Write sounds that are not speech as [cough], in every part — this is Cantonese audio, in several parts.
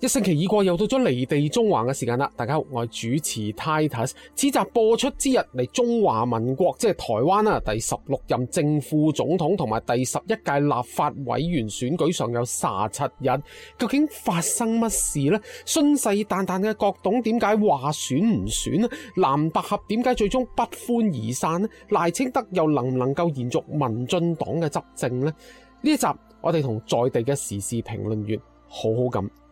一星期已過，又到咗離地縱橫嘅時間啦。大家好，我係主持 Titus。此集播出之日嚟中華民國，即係台灣啦。第十六任正副總統同埋第十一屆立法委員選舉尚有卅七日，究竟發生乜事呢？信誓旦旦嘅郭董點解話選唔選呢？藍白合點解最終不歡而散呢？賴清德又能唔能夠延續民進黨嘅執政呢？呢一集我哋同在地嘅時事評論員好好咁。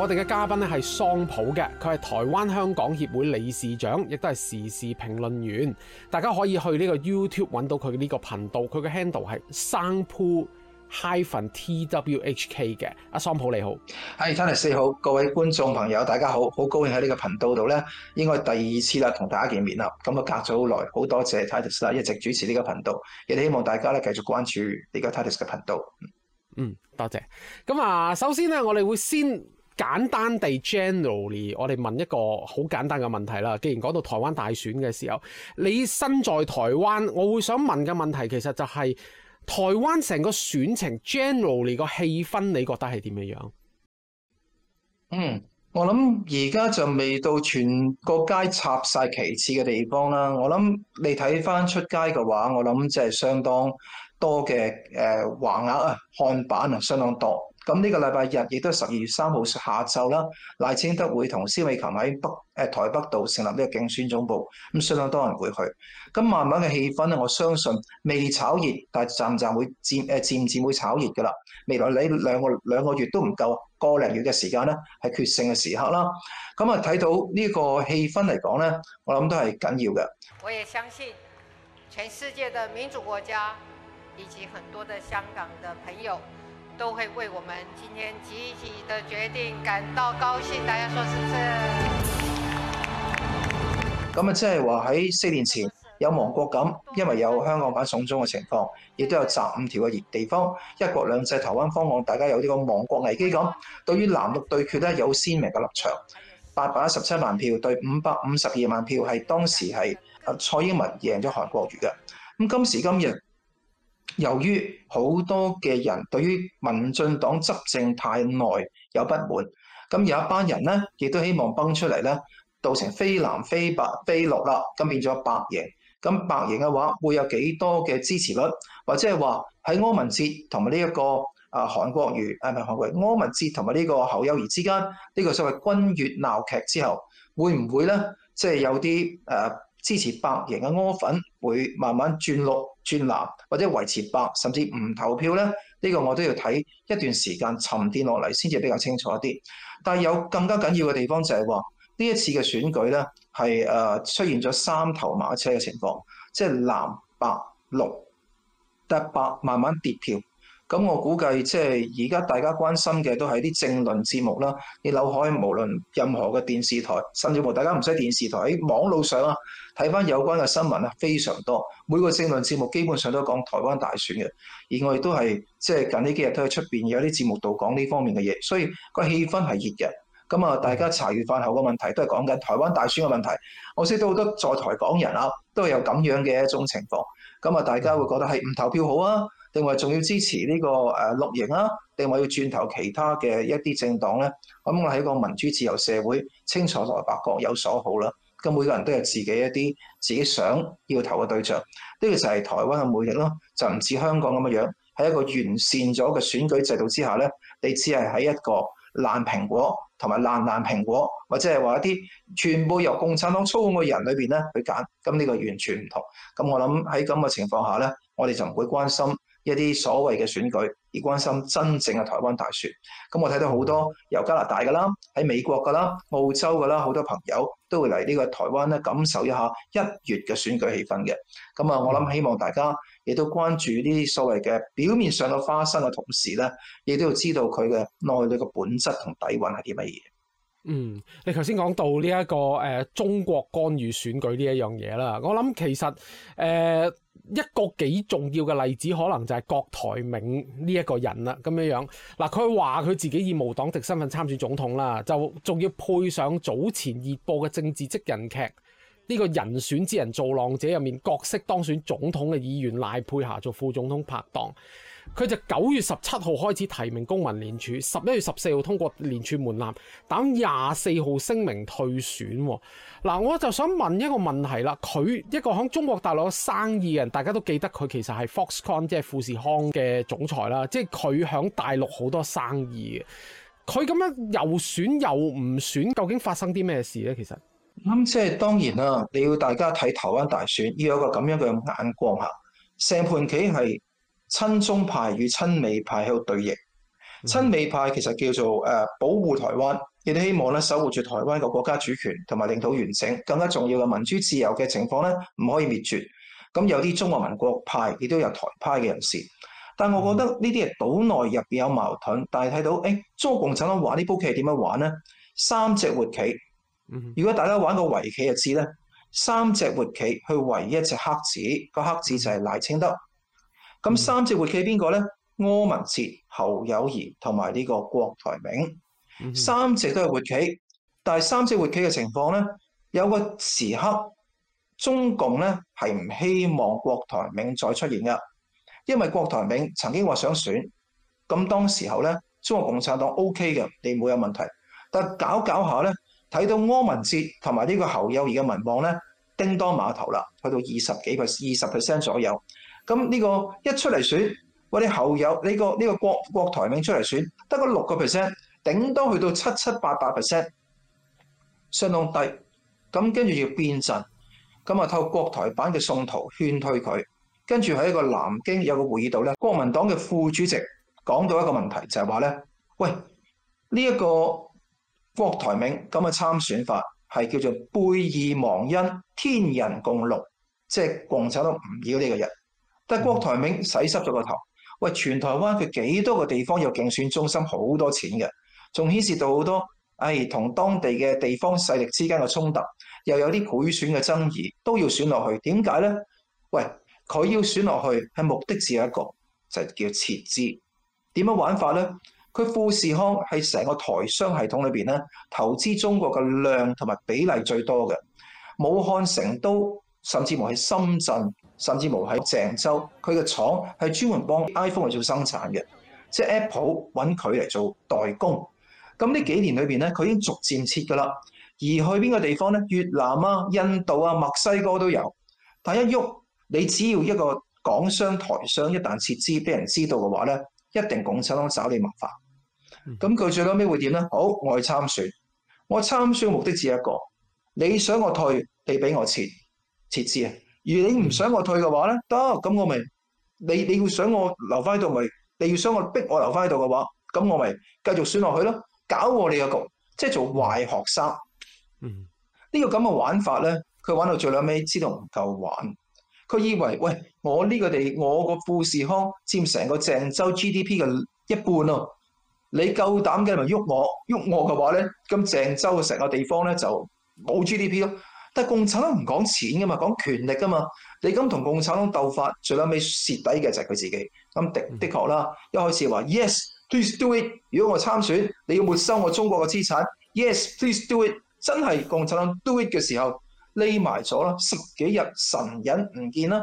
我哋嘅嘉賓咧係桑普嘅，佢係台灣香港協會理事長，亦都係時事評論員。大家可以去呢個 YouTube 揾到佢呢個頻道，佢嘅 handle 係桑普 -twhk 嘅。阿桑普你好，係 Titus 好，各位觀眾朋友大家好，好高興喺呢個頻道度呢，應該第二次啦，同大家見面啦。咁啊隔咗好耐，好多謝 Titus 啦，一直主持呢個頻道，亦希望大家咧繼續關注呢個 Titus 嘅頻道。嗯，多謝。咁啊，首先呢，我哋會先。簡單地，generally 我哋問一個好簡單嘅問題啦。既然講到台灣大選嘅時候，你身在台灣，我會想問嘅問題其實就係、是、台灣成個選情 generally 個氣氛，你覺得係點樣？嗯，我諗而家就未到全個街插晒旗子嘅地方啦。我諗你睇翻出街嘅話，我諗就係相當多嘅誒橫額啊，看板啊，相當多。咁呢個禮拜日亦都係十二月三號下晝啦，賴清德會同蕭美琴喺北誒台北度成立呢個競選總部，咁相當多人會去。咁慢慢嘅氣氛咧，我相信未炒熱，但係暫暫會漸誒漸漸會炒熱㗎啦。未來你兩個兩個月都唔夠，個零月嘅時間咧係決勝嘅時刻啦。咁啊，睇到呢個氣氛嚟講咧，我諗都係緊要嘅。我也相信全世界嘅民主國家。以及很多的香港的朋友都會為我們今天集體的決定感到高興，大家說是不是？咁啊，即係話喺四年前有亡國感，因為有香港反送中嘅情況，亦都有習五條嘅熱地方，一國兩制台灣方案，大家有呢個亡國危機感。對於藍綠對決咧，有鮮明嘅立場。八百一十七萬票對五百五十二萬票，係當時係蔡英文贏咗韓國瑜嘅。咁今時今日。由於好多嘅人對於民進黨執政太耐有不滿，咁有一班人咧亦都希望崩出嚟咧，造成非藍非白非綠啦，咁變咗白營。咁白營嘅話會有幾多嘅支持率，或者係話喺柯文哲同埋呢一個啊韓國瑜啊，唔係韓國，柯文哲同埋呢個侯友宜之間呢個所謂君悅鬧劇之後，會唔會咧即係有啲誒支持白營嘅柯粉會慢慢轉綠？轉藍或者維持白，甚至唔投票咧，呢、這個我都要睇一段時間沉澱落嚟先至比較清楚一啲。但係有更加緊要嘅地方就係話，呢一次嘅選舉咧係誒出現咗三頭馬車嘅情況，即係藍、白、綠，但白慢慢跌票。咁我估計即係而家大家關心嘅都係啲政論節目啦，你扭開無論任何嘅電視台，甚至乎大家唔使電視台喺網路上啊，睇翻有關嘅新聞啊，非常多。每個政論節目基本上都講台灣大選嘅，而我亦都係即係近呢幾日都喺出面有啲節目度講呢方面嘅嘢，所以個氣氛係熱嘅。咁啊，大家茶餘飯後嘅問題都係講緊台灣大選嘅問題。我識到好多在台港人啊，都有咁樣嘅一種情況。咁啊，大家會覺得係唔投票好啊？定係仲要支持呢個誒綠營啊？定係要轉投其他嘅一啲政黨咧？咁我喺一個民主自由社會，清楚來白各有所好啦。咁每個人都有自己一啲自己想要投嘅對象，呢、這個就係台灣嘅魅力咯。就唔似香港咁嘅樣，喺一個完善咗嘅選舉制度之下咧，你只係喺一個爛蘋果同埋爛爛蘋果，或者係話一啲全部由共產黨操控嘅人裏面咧去揀。咁、這、呢個完全唔同。咁我諗喺咁嘅情況下咧，我哋就唔會關心。一啲所謂嘅選舉，而關心真正嘅台灣大選。咁我睇到好多由加拿大㗎啦，喺美國㗎啦，澳洲㗎啦，好多朋友都會嚟呢個台灣咧感受一下一月嘅選舉氣氛嘅。咁啊，我諗希望大家亦都關注呢啲所謂嘅表面上嘅花生嘅同時咧，亦都要知道佢嘅內裏嘅本質同底藴係啲乜嘢。嗯，你頭先講到呢、這、一個誒、呃，中國干預選舉呢一樣嘢啦，我諗其實誒、呃、一個幾重要嘅例子，可能就係郭台銘呢一個人啦，咁樣樣嗱，佢話佢自己以無黨籍身份參選總統啦，就仲要配上早前熱播嘅政治職人劇呢、這個人選之人造浪者入面角色當選總統嘅議員賴佩霞做副總統拍檔。佢就九月十七號開始提名公民聯署，十一月十四號通過聯署門檻，等廿四號聲明退選。嗱，我就想問一個問題啦，佢一個喺中國大陸嘅生意人，大家都記得佢其實係 Foxconn 即係富士康嘅總裁啦，即係佢喺大陸好多生意嘅。佢咁樣又選又唔選，究竟發生啲咩事呢？其實咁即係當然啦，你要大家睇台灣大選，要有個咁樣嘅眼光嚇，成盤棋係。親中派與親美派喺度對弈，親美派其實叫做保護台灣，亦都希望咧守護住台灣嘅國家主權同埋領土完整，更加重要嘅民主自由嘅情況咧唔可以滅絕。咁有啲中華民國派亦都有台派嘅人士，但我覺得呢啲係島內入面有矛盾。但係睇到、哎、中國共產黨玩呢部戲點樣玩呢？三隻活棋，嗯、如果大家玩個圍棋就知咧，三隻活棋去圍一隻黑子，個黑子就係賴清德。咁、嗯、三隻活棋邊個咧？柯文哲、侯友宜同埋呢個郭台銘，嗯、三隻都係活棋，但係三隻活棋嘅情況咧，有個時刻中共咧係唔希望郭台銘再出現嘅，因為郭台銘曾經話想選。咁當時候咧，中國共產黨 OK 嘅，你冇有問題。但搞搞下咧，睇到柯文哲同埋呢個侯友宜嘅民望咧，叮噹碼頭啦，去到二十幾個、二十 percent 左右。咁呢個一出嚟選，喂哋後友呢個呢個郭郭台銘出嚟選，得個六個 percent，頂多去到七七八八 percent，相當低。咁跟住要變陣，咁啊透過國台辦嘅宋濤勸退佢。跟住喺一個南京有個會議度咧，國民黨嘅副主席講到一個問題，就係話咧，喂呢一個郭台銘咁嘅參選法係叫做背義忘恩，天人共怒，即係共產黨唔要呢個人。但郭台銘洗濕咗個頭，喂，全台灣佢幾多個地方有競選中心，好多錢嘅，仲牽涉到好多，誒、哎，同當地嘅地方勢力之間嘅衝突，又有啲賄選嘅爭議，都要選落去，點解呢？喂，佢要選落去，係目的只有一個就係、叫撤資，點樣玩法呢？佢富士康係成個台商系統裏邊咧，投資中國嘅量同埋比例最多嘅，武漢、成都。甚至無喺深圳，甚至無喺鄭州，佢個廠係專門幫 iPhone 嚟做生產嘅，即係 Apple 揾佢嚟做代工。咁呢幾年裏邊咧，佢已經逐漸撤㗎啦。而去邊個地方咧？越南啊、印度啊、墨西哥都有。但一喐，你只要一個港商、台商，一旦撤資俾人知道嘅話咧，一定共產黨找你麻煩。咁佢最後尾會點咧？好，我去參選，我參選嘅目的只有一個，你想我退，你俾我撤。設置啊！而你唔想我退嘅話咧，得、嗯，咁我咪你你要想我留翻喺度咪？你要想我逼我留翻喺度嘅話，咁我咪繼續選落去咯。搞我哋嘅局，即係做壞學生。嗯，呢、這個咁嘅玩法咧，佢玩到最孻尾知道唔夠玩。佢以為喂，我呢個地，我個富士康佔成個鄭州 GDP 嘅一半咯、啊。你夠膽嘅咪喐我，喐我嘅話咧，咁鄭州嘅成個地方咧就冇 GDP 咯。但係共產黨唔講錢㗎嘛，講權力㗎嘛。你咁同共產黨鬥法，最後尾蝕底嘅就係佢自己。咁的，的確啦，一開始話 yes please do it。如果我參選，你要沒收我中國嘅資產。yes please do it，真係共產黨 do it 嘅時候匿埋咗啦，十幾日神隱唔見啦，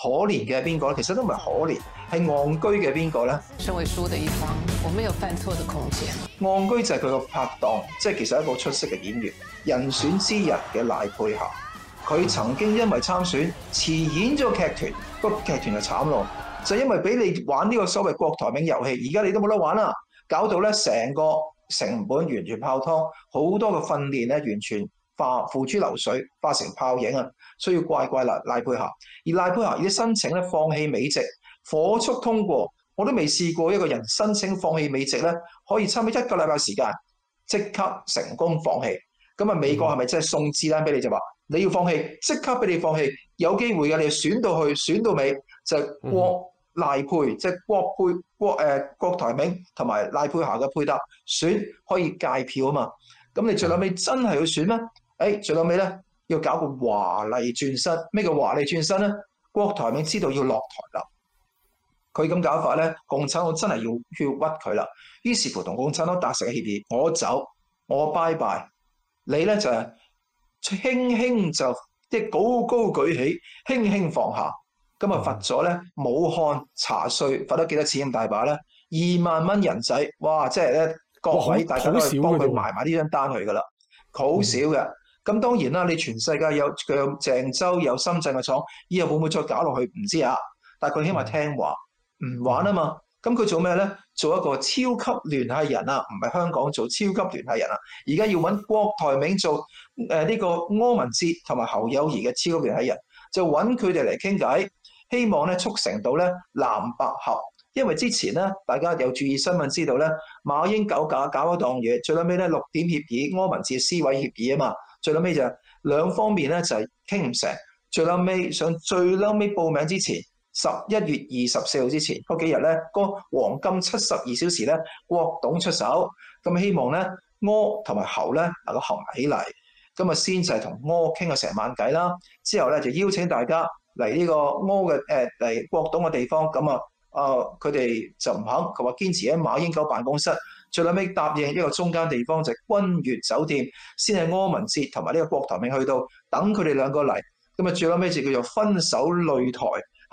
可憐嘅係邊個咧？其實都唔係可憐。係戇居嘅邊個咧？身為輸的一方，我沒有犯錯的空間。戇居就係佢個拍檔，即係其實一個出色嘅演員人選，之一嘅賴佩霞，佢曾經因為參選辭演咗個劇團，個劇團就慘咯，就是，因為俾你玩呢個所謂國台名遊戲，而家你都冇得玩啦，搞到咧成個成本完全泡湯，好多嘅訓練咧完全化付諸流水，化成泡影啊！所以要怪怪啦，賴佩霞。而賴佩霞已經申請咧放棄美籍。火速通過，我都未試過一個人申請放棄美籍咧，可以差唔多一個禮拜時間即刻成功放棄。咁啊，美國係咪真係送支單俾你就話、mm -hmm. 你要放棄即刻俾你放棄？有機會嘅，你選到去選到尾就郭、是、賴佩即係郭佩郭誒郭台銘同埋賴佩霞嘅配搭選可以戒票啊嘛。咁你最後尾真係要選咩？誒、mm -hmm. 哎、最後尾咧要搞個華麗轉身咩叫華麗轉身咧？郭台銘知道要落台啦。佢咁搞法咧，共產黨真係要要屈佢啦。於是乎同共產黨達成協議，我走，我拜拜。你呢」你咧就輕、是、輕就即高高舉起，輕輕放下。咁啊罰咗咧、嗯，武漢查稅罰咗幾多錢？咁大把咧，二萬蚊人仔，哇！即係咧各位大家可以幫佢埋埋呢張單去噶啦，好少嘅。咁、嗯、當然啦，你全世界有佢有鄭州有深圳嘅廠，以後會唔會再搞落去唔知啊？但係佢起碼聽話。嗯.唔玩啊嘛，咁佢做咩咧？做一個超級聯繫人啊，唔係香港做超級聯繫人啊，而家要搵郭台銘做呢個柯文哲同埋侯友宜嘅超級聯繫人，就搵佢哋嚟傾偈，希望咧促成到咧藍白合，因為之前咧大家有注意新聞知道咧，馬英九搞搞嗰檔嘢，最撚尾咧六點協議、柯文哲思維協議啊嘛，最撚尾就是、兩方面咧就係傾唔成，最撚尾上最撚尾報名之前。十一月二十四號之前嗰幾日咧，個黃金七十二小時咧，郭董出手，咁希望咧柯同埋侯咧能夠合埋起嚟。咁啊先就係同柯傾咗成晚偈啦，之後咧就邀請大家嚟呢個柯嘅嚟郭董嘅地方。咁啊啊佢哋就唔肯，佢話堅持喺馬英九辦公室。最尾答應一個中間地方就係君悦酒店，先係柯文哲同埋呢個郭台銘去到等佢哋兩個嚟。咁啊最尾就叫做分手擂台，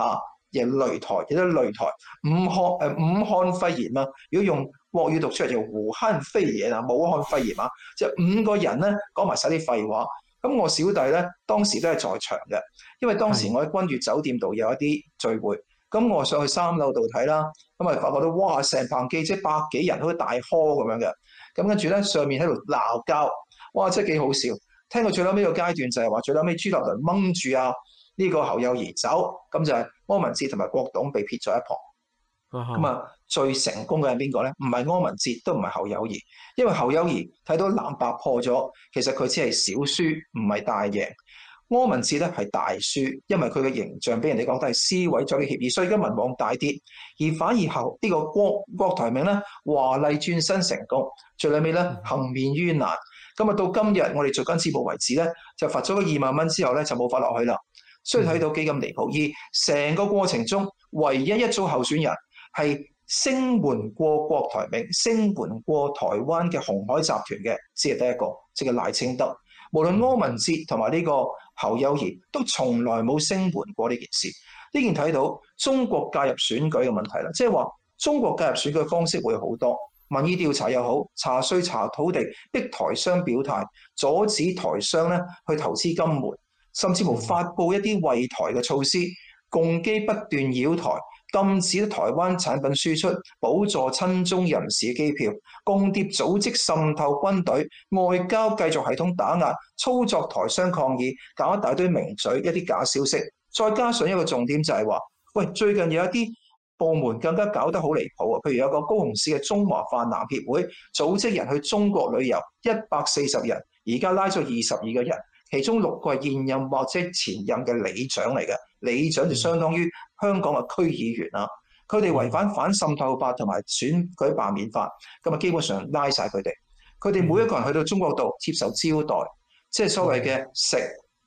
啊嘢擂台，有啲擂台，五漢誒五漢肺炎啊。如果用國語讀出嚟就胡坑非炎啊，武漢肺炎啊，即係五個人咧講埋晒啲廢話。咁我小弟咧當時都係在場嘅，因為當時我喺君悦酒店度有一啲聚會。咁我上去三樓度睇啦，咁啊發覺到哇，成棚記者百幾人好似大喝咁樣嘅。咁跟住咧上面喺度鬧交，哇！真係幾好笑。聽到最尾個階段就係話最尾朱立倫掹住啊。呢、這個侯友宜走，咁就係柯文哲同埋郭董被撇咗一旁。咁啊，最成功嘅係邊個咧？唔係柯文哲，都唔係侯友宜，因為侯友宜睇到藍白破咗，其實佢只係小輸，唔係大贏。柯文哲咧係大輸，因為佢嘅形象俾人哋講都係撕毀咗嘅協議，所以而家民望大跌。而反而後呢、這個郭郭台銘咧華麗轉身成功，最屘尾咧幸免於難。咁啊，到今日我哋做緊節目為止咧，就罰咗二萬蚊之後咧，就冇罰落去啦。所以睇到幾咁離譜。而，成個過程中唯一一組候選人係聲援過郭台銘、聲援過台灣嘅鴻海集團嘅，只係得一個，即係賴清德。無論柯文哲同埋呢個侯友宜，都從來冇聲援過呢件事。呢件睇到中國介入選舉嘅問題啦，即係話中國介入選舉嘅方式會好多，民意調查又好，查稅查土地，逼台商表態，阻止台商咧去投資金門。甚至乎發布一啲圍台嘅措施，共機不斷繞台，禁止台灣產品輸出，補助親中人士嘅機票，共諜組織滲透軍隊，外交繼續系統打壓，操作台商抗議，搞一大堆名嘴、一啲假消息。再加上一個重點就係話，喂，最近有一啲部門更加搞得好離譜啊！譬如有個高雄市嘅中華泛藍協會，組織人去中國旅遊，一百四十人，而家拉咗二十二個人。其中六個係現任或者前任嘅里長嚟嘅，里長就相當於香港嘅區議員啦。佢哋違反反滲透法同埋選舉罷免法，咁啊基本上拉晒佢哋。佢哋每一個人去到中國度接受招待，即係所謂嘅食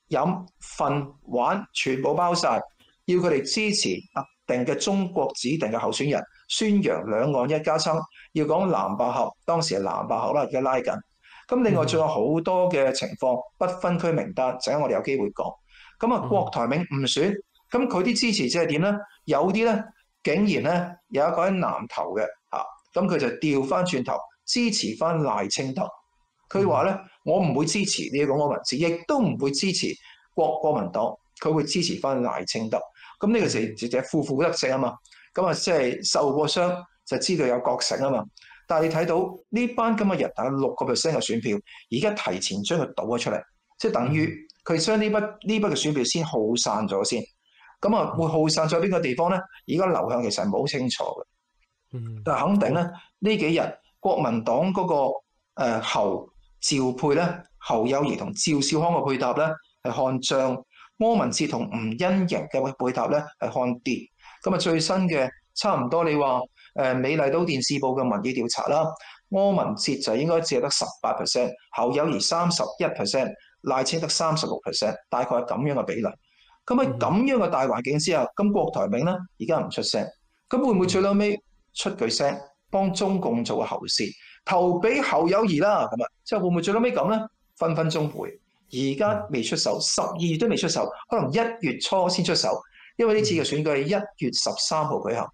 飲瞓玩全部包晒。要佢哋支持特定嘅中國指定嘅候選人，宣揚兩岸一家親，要講藍白合。當時係藍白合啦，而家拉緊。咁另外仲有好多嘅情況、mm -hmm. 不分區名單，陣間我哋有機會講。咁啊郭台銘唔選，咁佢啲支持即係點咧？有啲咧竟然咧有一個喺南投嘅，咁佢就調翻轉頭支持翻賴清德。佢話咧，我唔會支持呢個港澳民治，亦都唔會支持國國民黨，佢會支持翻賴清德。咁呢個事就係負負得正啊嘛，咁啊即係受過傷就知道有覺醒啊嘛。但係你睇到呢班咁嘅人大概六個 percent 嘅選票，而家提前將佢倒咗出嚟，即係等於佢將呢筆呢筆嘅選票先耗散咗先。咁啊，會耗散咗邊個地方咧？而家流向其實係冇好清楚嘅。嗯，但係肯定咧，呢幾日國民黨嗰個誒侯趙佩咧、侯友宜同趙少康嘅配搭咧係看漲，柯文哲同吳欣瑩嘅配搭咧係看跌。咁啊，最新嘅差唔多你話。誒美麗島電視報嘅民意調查啦，柯文哲就應該只係得十八 percent，侯友宜三十一 percent，賴清德三十六 percent，大概係咁樣嘅比例。咁喺咁樣嘅大環境之下，咁郭台銘咧而家唔出聲，咁會唔會最後尾出句聲幫中共做個喉舌，投俾侯友宜啦？咁啊，即係會唔會最後尾咁咧？分分鐘會。而家未出手，十二月都未出手，可能一月初先出手，因為呢次嘅選舉係一月十三號舉行。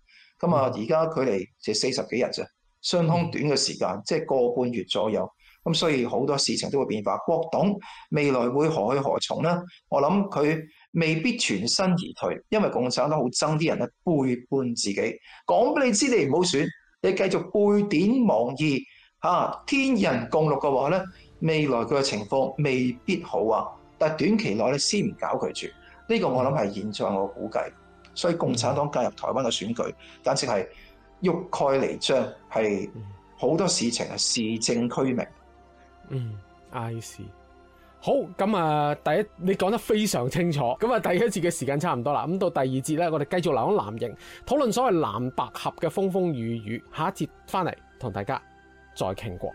咁、嗯、啊，而家距離就四十幾日啫，相當短嘅時間，即係個半月左右。咁所以好多事情都會變化。郭董未來會何去何從呢？我諗佢未必全身而退，因為共產黨好憎啲人咧背叛自己，講俾你知你唔好選，你繼續背典忘義天人共禄嘅話呢，未來佢嘅情況未必好啊。但短期內咧先唔搞佢住，呢、這個我諗係現象，我估計。所以共產黨介入台灣嘅選舉簡直係欲蓋彌彰，係好多事情係事證俱明。嗯，I see。好，咁啊，第一你講得非常清楚。咁啊，第一節嘅時間差唔多啦。咁到第二節咧，我哋繼續嚟講藍營討論所謂藍白合嘅風風雨雨。下一節翻嚟同大家再傾過。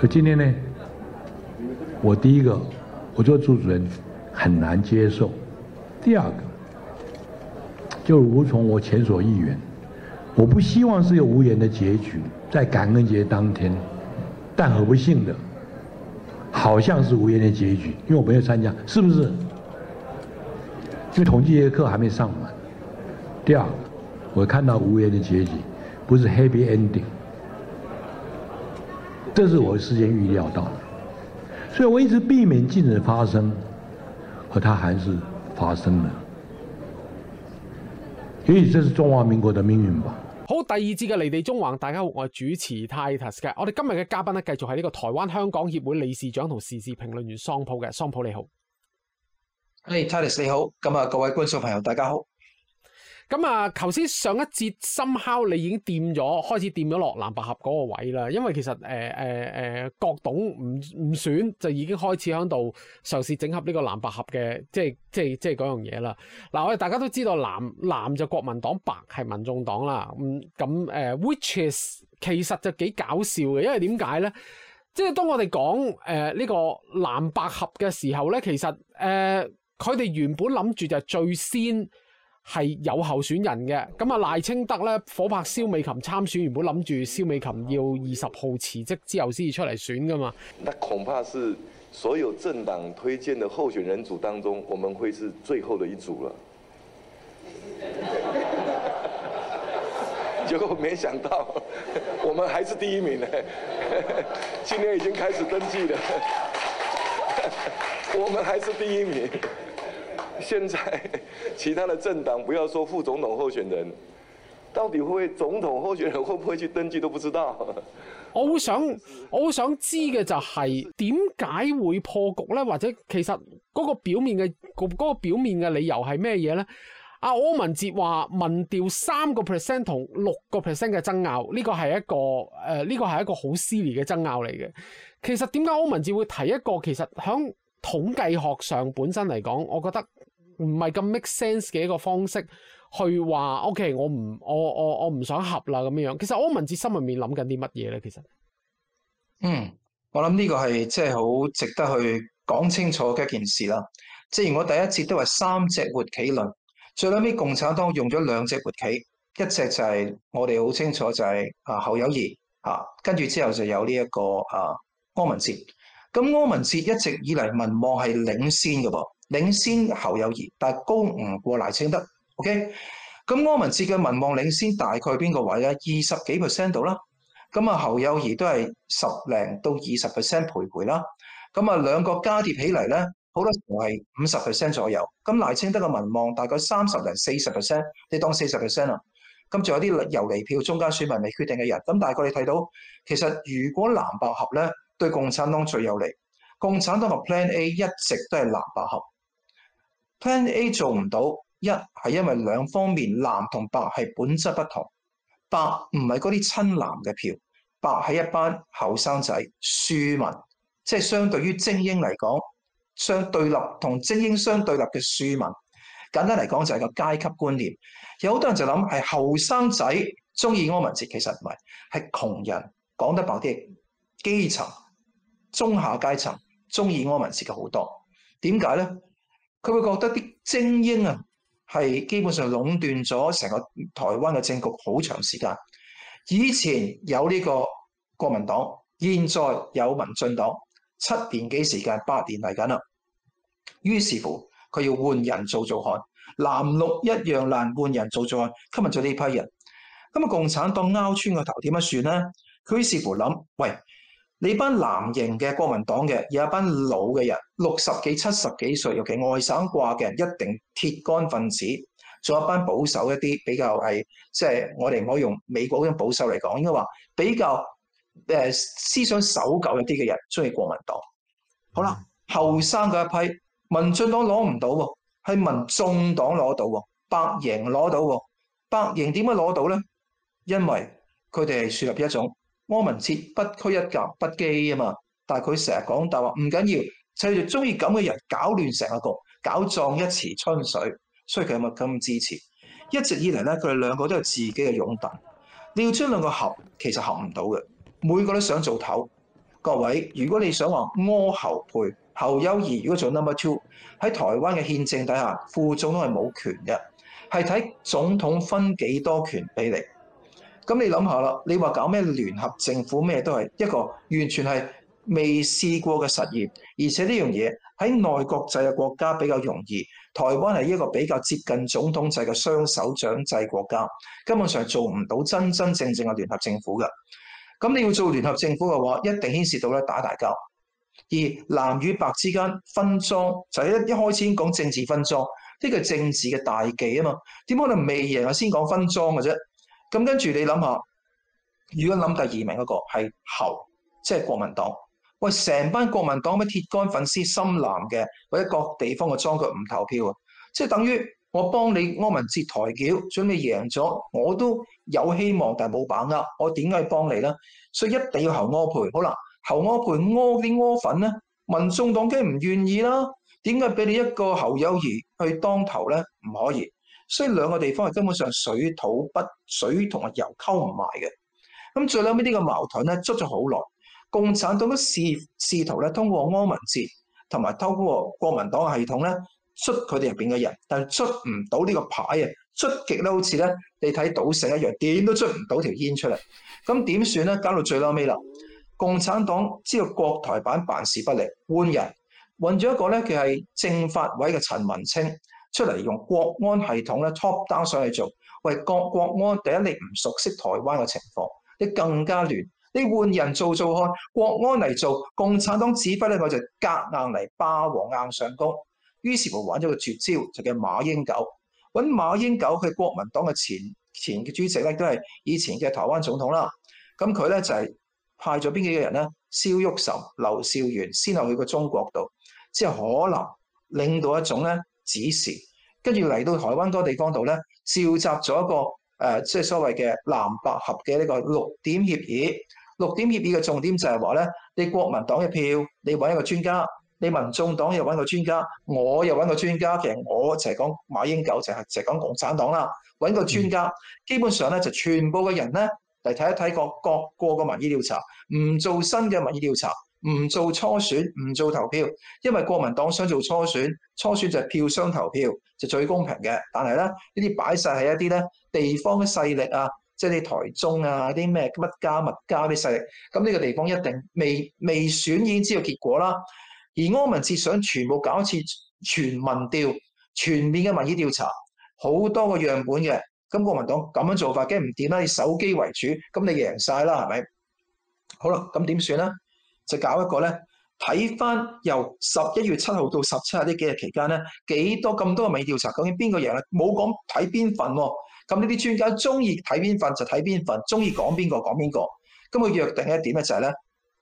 可今天呢，我第一個，我覺得朱主任很難接受；第二個，就無從我前所預言。我不希望是有無言的結局，在感恩節當天，但很不幸的，好像是無言的結局，因為我沒有參加，是不是？因為統計學課還沒上完。第二個，我看到無言的結局，不是 happy ending。這是我事先預料到的，所以我一直避免戰爭發生，可他還是發生了，也許這是中華民國的命運吧。好，第二節嘅離地縱橫，大家好，我係主持 Titus。u 我哋今日嘅嘉賓呢，繼續係呢個台灣香港協會理事長同時事評論員桑普嘅，桑普你好。誒，Titus 你好，各位觀眾朋友大家好。咁啊，頭先上一節深烤，你已經掂咗，開始掂咗落藍白合嗰個位啦。因為其實誒誒誒，郭董唔唔選就已經開始喺度嘗試整合呢個藍白合嘅，即係即係即係嗰樣嘢啦。嗱，我哋大家都知道藍，藍就國民黨，白係民眾黨啦。咁、嗯、咁、呃、which is 其實就幾搞笑嘅，因為點解咧？即係當我哋講誒呢個藍白合嘅時候咧，其實誒佢哋原本諗住就最先。係有候選人嘅，咁啊賴清德咧，夥拍蕭美琴參選，原本諗住蕭美琴要二十號辭職之後先至出嚟選㗎嘛。那恐怕是所有政黨推薦的候選人組當中，我們會是最後的一組了。 [laughs] 結果沒想到，我們還是第一名呢。 [laughs] 今年已經開始登記了， [laughs] 我們還是第一名。現在其他的政黨，不要說副總統候選人，到底會，會總統候選人會不會去登記都不知道。我會想，我會想知嘅就係點解會破局呢？或者其實嗰個表面嘅，嗰個表面嘅理由係咩嘢呢？阿柯文哲話民調三個 percent 同六個 percent 嘅爭拗，呢、呢個係一個誒呢，呃呢個係一個好撕裂嘅爭拗嚟嘅。其實點解柯文哲會提一個其實響統計學上本身嚟講，我覺得。唔係咁 make sense 嘅一個方式去話，OK，我唔我我我唔想合啦，咁樣樣。其實柯文哲心入面諗緊啲乜嘢咧？其實，嗯，我諗呢個係即係好值得去講清楚嘅一件事啦。即如我第一節都係三隻活棋論，最尾啱共產黨用咗兩隻活棋，一隻就係、是，我哋好清楚就係啊侯友宜啊，跟住之後就有呢一個啊柯文哲。咁柯文哲一直以嚟民望係領先嘅噃。領先侯友宜，但係高唔過賴清德。O.K. 咁柯文哲嘅民望領先大概邊個位咧？二十幾 percent 到啦。咁啊侯友宜都係十零到二十 percent 徘徊啦。咁啊兩個加疊起嚟咧，好多時係五十 percent 左右。咁賴清德嘅民望大概三十零四十 percent，你當四十 percent 啦。咁仲有啲遊離票中間選民未決定嘅人。咁大概你睇到，其實如果藍白合咧，對共產黨最有利。共產黨嘅 Plan A 一直都係藍白合。Plan A 做唔到，一係因為兩方面，藍同白係本質不同。白唔係嗰啲親藍嘅票，白係一班後生仔庶民，即係相對於精英嚟講，相對立同精英相對立嘅庶民。簡單嚟講就係個階級觀念。有好多人就諗係後生仔中意柯文哲，其實唔係，係窮人，講得白啲，基層、中下階層中意柯文哲嘅好多。點解呢？佢會覺得啲精英啊，係基本上壟斷咗成個台灣嘅政局好長時間。以前有呢個國民黨，現在有民進黨七年幾時間八年嚟緊啦。於是乎佢要換人做做看，藍綠一樣難換人做做看。今日就呢批人，咁啊，共產黨拗穿個頭點樣算呢？佢於是乎諗，喂。你班藍營嘅國民黨嘅，有一班老嘅人，六十幾、七十幾歲，尤其外省掛嘅人，一定鐵桿分子；仲有一班保守一啲，比較係即係我哋唔可以用美國嗰種保守嚟講，應該話比較誒思想守舊一啲嘅人，中意國民黨。好啦，後生嘅一批，民進黨攞唔到喎，係民眾黨攞到喎，白營攞到喎，白營點解攞到咧？因為佢哋係樹立一種。柯文哲不拘一格不羈啊嘛，但佢成日講大話唔緊要，就係中意咁嘅人搞亂成個局，搞撞一池春水，所以佢咪咁支持。一直以嚟咧，佢哋兩個都有自己嘅擁躉。你要將兩個合，其實合唔到嘅，每個都想做頭。各位，如果你想話柯侯配侯友宜如果做 number two 喺台灣嘅憲政底下，副總統係冇權嘅，係睇總統分幾多權俾你。咁你諗下啦，你話搞咩聯合政府咩都係一個完全係未試過嘅實驗而且呢樣嘢喺內國制嘅國家比較容易。台灣係一個比較接近總統制嘅雙手掌制國家，根本上做唔到真真正正嘅聯合政府嘅。咁你要做聯合政府嘅話，一定牽涉到咧打大交。而藍與白之間分裝就係一一開始講政治分裝，呢、這個政治嘅大忌啊嘛。點可能未贏啊先講分裝嘅啫？咁跟住你諗下，如果諗第二名嗰個係侯，即係國民黨，喂，成班國民黨咩鐵桿粉絲深藍嘅，或者各地方嘅樁腳唔投票啊，即係等於我幫你柯文哲抬轎，想你贏咗我都有希望，但係冇把握，我點解幫你咧？所以一定要侯柯培，好啦，侯柯培，柯啲柯粉咧，民眾黨梗唔願意啦，點解俾你一個侯友宜去當頭咧？唔可以。所以兩個地方係根本上水土不水同埋油溝唔埋嘅，咁最嬲尾呢個矛盾咧，捽咗好耐。共產黨都試試圖咧通過柯文哲同埋通過國民黨嘅系統咧，捽佢哋入邊嘅人，但係捽唔到呢個牌啊！捽極咧，好似咧你睇賭石一樣，點都捽唔到條煙出嚟。咁點算咧？搞到最嬲尾啦！共產黨知道國台版辦事不力，換人換咗一個咧，佢係政法委嘅陳文清。出嚟用國安系統咧，top down 上去做喂，為國國安。第一，你唔熟悉台灣嘅情況，你更加亂。你換人做做看，國安嚟做，共產黨指揮咧，我就夾硬嚟霸王硬上弓。於是乎玩咗個絕招，就叫馬英九揾馬英九，佢係國民黨嘅前前嘅主席咧，都係以前嘅台灣總統啦。咁佢咧就係、是、派咗邊幾個人咧？蕭旭岑、劉少元，先去去個中國度，即係可能令到一種咧。指示，跟住嚟到台灣嗰地方度咧，召集咗一個誒、即係所謂嘅藍白合嘅呢個六點協議。六點協議嘅重點就係話咧，你國民黨嘅票，你揾一個專家；你民眾黨又揾個專家，我又揾個專家。其實我就係講馬英九，就係就係講共產黨啦，揾個專家。嗯、基本上咧，就全部嘅人咧嚟睇一睇各各個嘅民意調查，唔做新嘅民意調查。唔做初選，唔做投票，因為國民黨想做初選，初選就係票箱投票就最公平嘅。但係咧呢啲擺晒係一啲咧地方嘅勢力啊，即係台中啊啲咩乜家物家啲勢力。咁呢個地方一定未未選已經知道結果啦。而柯文哲想全部搞一次全民調，全面嘅民意調查，好多個樣本嘅。咁國民黨咁樣做法梗唔掂啦？以手機為主，咁你贏晒啦，係咪？好啦，咁點算咧？就搞一個咧，睇返由十一月七號到十七日呢幾日期間咧，幾多咁多個民調查，究竟邊個贏咧？冇講睇邊份喎、啊。咁呢啲專家鍾意睇邊份就睇邊份，鍾意講邊個講邊個。咁佢約定一點咧就係、是、咧，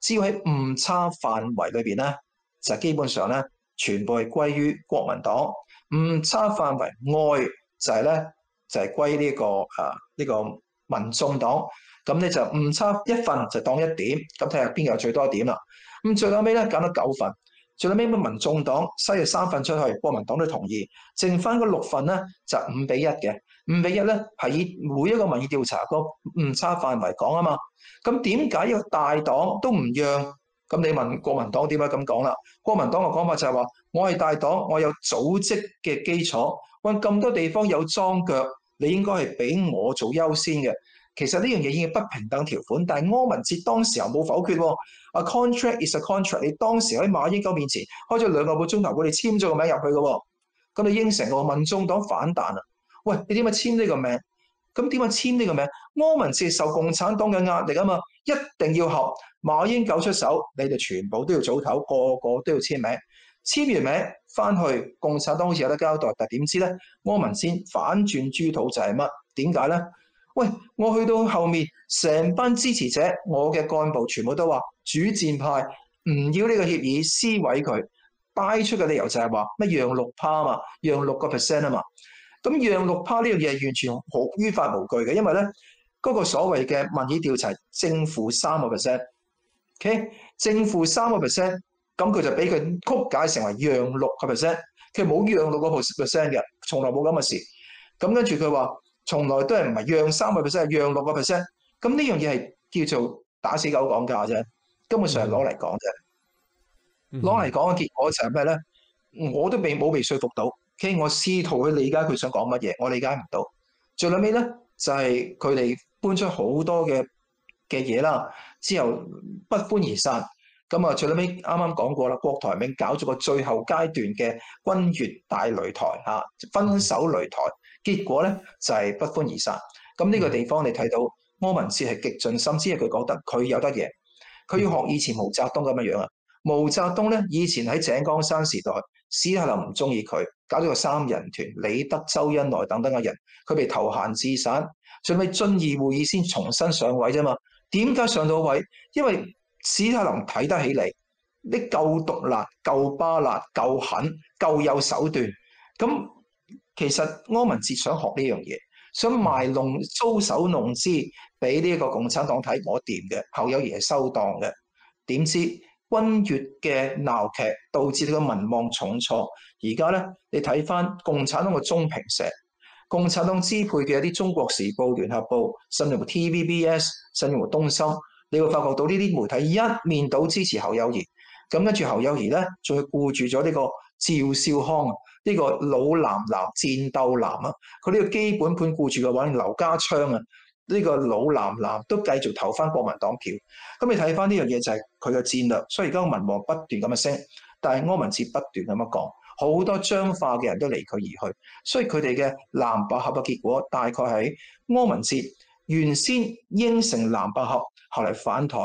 只要喺誤差範圍裏面咧，就基本上咧全部係歸於國民黨。誤差範圍外就係咧就係歸呢、這個啊呢、這個民眾黨。咁咧就誤差一份就當一點，咁睇下邊個最多點啦。咁最後尾咧揀咗九份，最後尾民眾黨西約三份出去，國民黨都同意，剩翻嗰六份咧就五比一嘅。五比一咧係以每一個民意調查個誤差範圍講啊嘛。咁點解有大黨都唔讓？咁你問國民黨點解咁講啦？國民黨嘅講法就係話：我係大黨，我有組織嘅基礎，揾咁多地方有裝腳，你應該係俾我做優先嘅。其實呢樣嘢已經係不平等條款，但係柯文哲當時又冇否決喎。A contract is a contract，你當時喺馬英九面前開咗兩個半鐘頭，我哋簽咗個名入去嘅喎。咁你應承我民眾黨反彈啊！喂，你點解簽呢個名？咁點解簽呢個名？柯文哲受共產黨嘅壓力啊嘛，一定要合馬英九出手，你哋全部都要早頭，個個都要簽名。簽完名翻去共產黨好似有得交代，但係點知咧？柯文哲反轉豬肚就係乜？點解咧？喂，我去到後面，成班支持者，我嘅幹部全部都話主戰派唔要呢個協議，撕毀佢。擺出嘅理由就係話乜讓六趴啊嘛，讓六個 percent 啊嘛。咁讓六趴呢樣嘢完全好於法無據嘅，因為咧嗰個所謂嘅民意調查正負三個 percent，O.K. 正負三個 percent，咁佢就俾佢曲解成為讓六個 percent，佢冇讓六個 percent 嘅，從來冇咁嘅事。咁跟住佢話。從來都係唔係讓三個 percent，係讓六個 percent。咁呢樣嘢係叫做打死狗講價啫，根本上係攞嚟講啫。攞、mm、嚟 -hmm. 講嘅結果就係咩咧？我都未冇被說服到。k 我試圖去理解佢想講乜嘢，我理解唔到。最屘尾咧，就係佢哋搬出好多嘅嘅嘢啦，之後不歡而散。咁啊，最屘尾啱啱講過啦，國台明搞咗個最後階段嘅軍閥大擂台嚇，分手擂台。Mm -hmm. 結果咧就係、是、不歡而散。咁呢個地方你睇到柯、嗯、文哲係極盡心機，佢覺得佢有得贏，佢要學以前毛澤東咁樣樣啊、嗯。毛澤東咧以前喺井岡山時代，史泰林唔中意佢，搞咗個三人團，李德、周恩來等等嘅人，佢被投閒置散，準備遵義會議先重新上位啫嘛。點解上到位？因為史泰林睇得起你，你夠毒辣、夠巴辣、夠狠、夠有手段，咁。其實柯文哲想學呢樣嘢，想賣弄搔首弄姿俾呢個共產黨睇，我掂嘅侯友宜係收檔嘅。點知君悦嘅鬧劇導致佢嘅民望重挫。而家咧，你睇翻共產黨嘅中評社，共產黨支配嘅一啲中國時報、聯合報，甚至乎 TVBS，甚至乎東森，你會發覺到呢啲媒體一面倒支持侯友宜。咁跟住侯友宜咧，仲顧住咗呢個趙少康。呢、這個老藍藍戰鬥藍，啊！佢呢個基本盤顧住嘅話，劉家昌啊，呢、這個老藍藍都繼續投翻國民黨票。咁你睇翻呢樣嘢就係佢嘅戰略。所以而家個民望不斷咁樣升，但係柯文哲不斷咁樣講，好多彰化嘅人都離佢而去。所以佢哋嘅藍白合嘅結果大概係柯文哲原先應承藍白合，後嚟反台，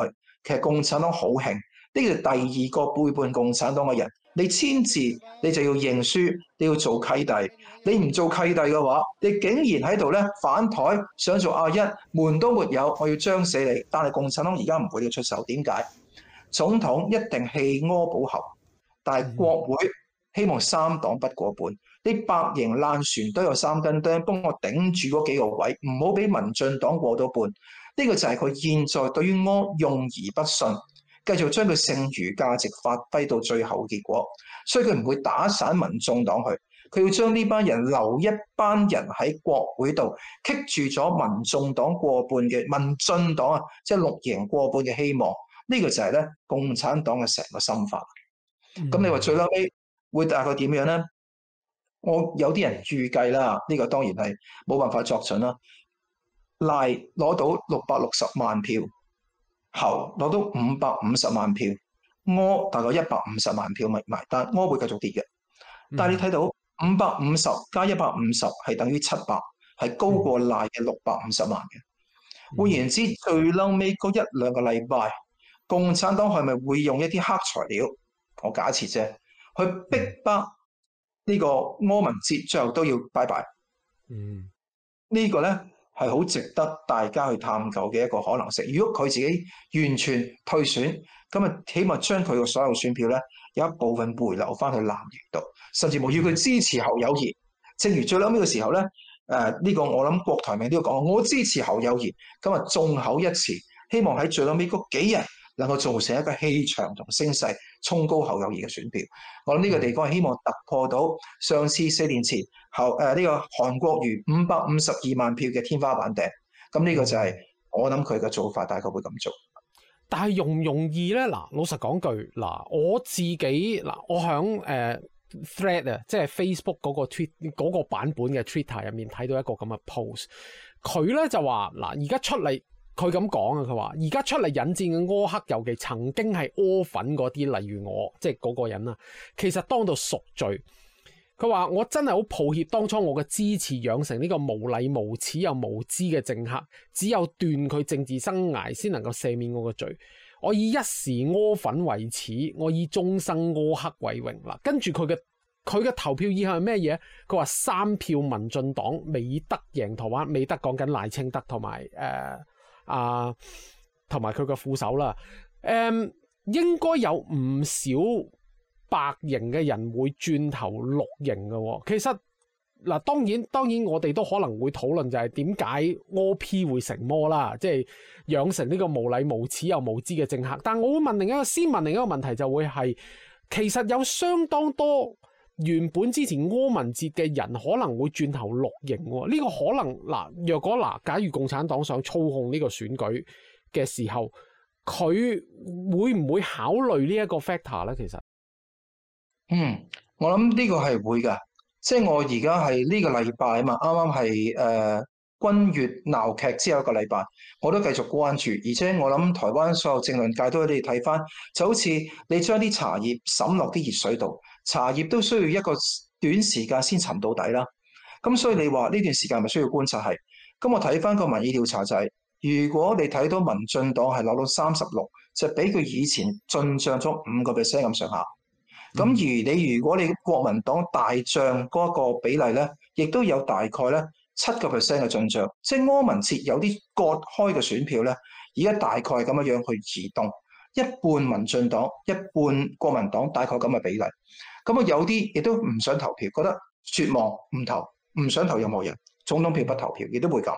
其實共產黨好慶，呢個第二個背叛共產黨嘅人。你簽字你就要認輸，你要做契弟，你唔做契弟嘅話，你竟然喺度咧反台想做阿一，門都沒有，我要將死你。但係共產黨而家唔會要出手，點解？總統一定棄柯保侯。但係國會希望三黨不過半，啲、嗯、百型爛船都有三根釘，幫我頂住嗰幾個位，唔好俾民進黨過到半。呢、呢個就係佢現在對於柯用而不信。繼續將佢剩餘價值發揮到最後嘅結果，所以佢唔會打散民眾黨去，佢要將呢班人留一班人喺國會度，棘住咗民眾黨過半嘅民進黨啊，即、就、係、是、六贏過半嘅希望。呢、這個就係咧共產黨嘅成個心法。咁、嗯、你話最嬲尾會大概點樣咧？我有啲人預計啦，呢、這個當然係冇辦法作準啦。賴攞到六百六十萬票。後攞到五百五十萬票，柯大概一百五十萬票咪埋，但柯會繼續跌嘅、嗯。但係你睇到五百五十加一百五十係等於七百，係高過賴嘅六百五十萬嘅。換、嗯、言之，最嬲尾嗰一兩個禮拜，共產黨係咪會用一啲黑材料？我假設啫，去逼翻呢個柯文哲，最後都要拜拜。嗯，這個、呢個咧。係好值得大家去探究嘅一個可能性。如果佢自己完全退選，咁啊，起碼將佢嘅所有選票咧，有一部分回流翻去藍營度，甚至無要佢支持侯友宜。正如最後尾嘅時候咧，誒、這、呢個我諗郭台銘都要講，我支持侯友宜。咁啊，眾口一詞，希望喺最後尾嗰幾日。能夠造成一個氣場同聲勢，衝高後有餘嘅選票。我諗呢個地方係希望突破到上次四年前、嗯、後誒呢、呃這個韓國瑜五百五十二萬票嘅天花板頂。咁呢個就係、是嗯、我諗佢嘅做法，大概會咁做。但係容唔容易咧？嗱，老實講句，嗱，我自己嗱，我喺誒、呃、thread 啊，即係 Facebook 嗰個 tweet 嗰個版本嘅 Twitter 入面睇到一個咁嘅 post。佢咧就話：嗱，而家出嚟。佢咁講啊，佢話而家出嚟引戰嘅柯克，尤其曾經係柯粉嗰啲，例如我即係嗰個人啊。其實當到贖罪，佢話我真係好抱歉，當初我嘅支持養成呢個無禮無恥又無知嘅政客，只有斷佢政治生涯先能夠赦免我個罪。我以一時柯粉為恥，我以終生柯克為榮。跟住佢嘅佢嘅投票意向係咩嘢？佢話三票民進黨，美德贏台灣，美德講緊賴清德同埋誒。呃啊，同埋佢個副手啦，誒、嗯、應該有唔少白型嘅人會轉頭綠型嘅喎。其實嗱，當然當然，我哋都可能會討論就係點解 OP 會成魔啦，即、就、係、是、養成呢個無禮無恥又無知嘅政客。但我會問另一個，先問另一個問題就會係，其實有相當多。原本之前柯文哲嘅人可能會轉頭綠營，呢個可能嗱，若果嗱，假如共產黨想操控呢個選舉嘅時候，佢會唔會考慮呢一個 factor 咧？其實，嗯，我諗呢個係會噶，即係我而家係呢個禮拜啊嘛，啱啱係誒君悅鬧劇之後一個禮拜，我都繼續關注，而且我諗台灣所有政論界都你睇翻，就好似你將啲茶葉滲落啲熱水度。茶葉都需要一個短時間先沉到底啦。咁所以你話呢段時間係咪需要觀察係咁？我睇翻個民意調查就係、是，如果你睇到民進黨係攞到三十六，就比佢以前進賬咗五個 percent 咁上下。咁而你如果你國民黨大漲嗰個比例咧，亦都有大概咧七個 percent 嘅進賬，即、就、係、是、柯文哲有啲割開嘅選票咧，而家大概咁嘅樣去移動，一半民進黨，一半國民黨，大概咁嘅比例。咁啊，有啲亦都唔想投票，覺得絕望，唔投，唔想投任何人，總統票不投票，亦都會咁。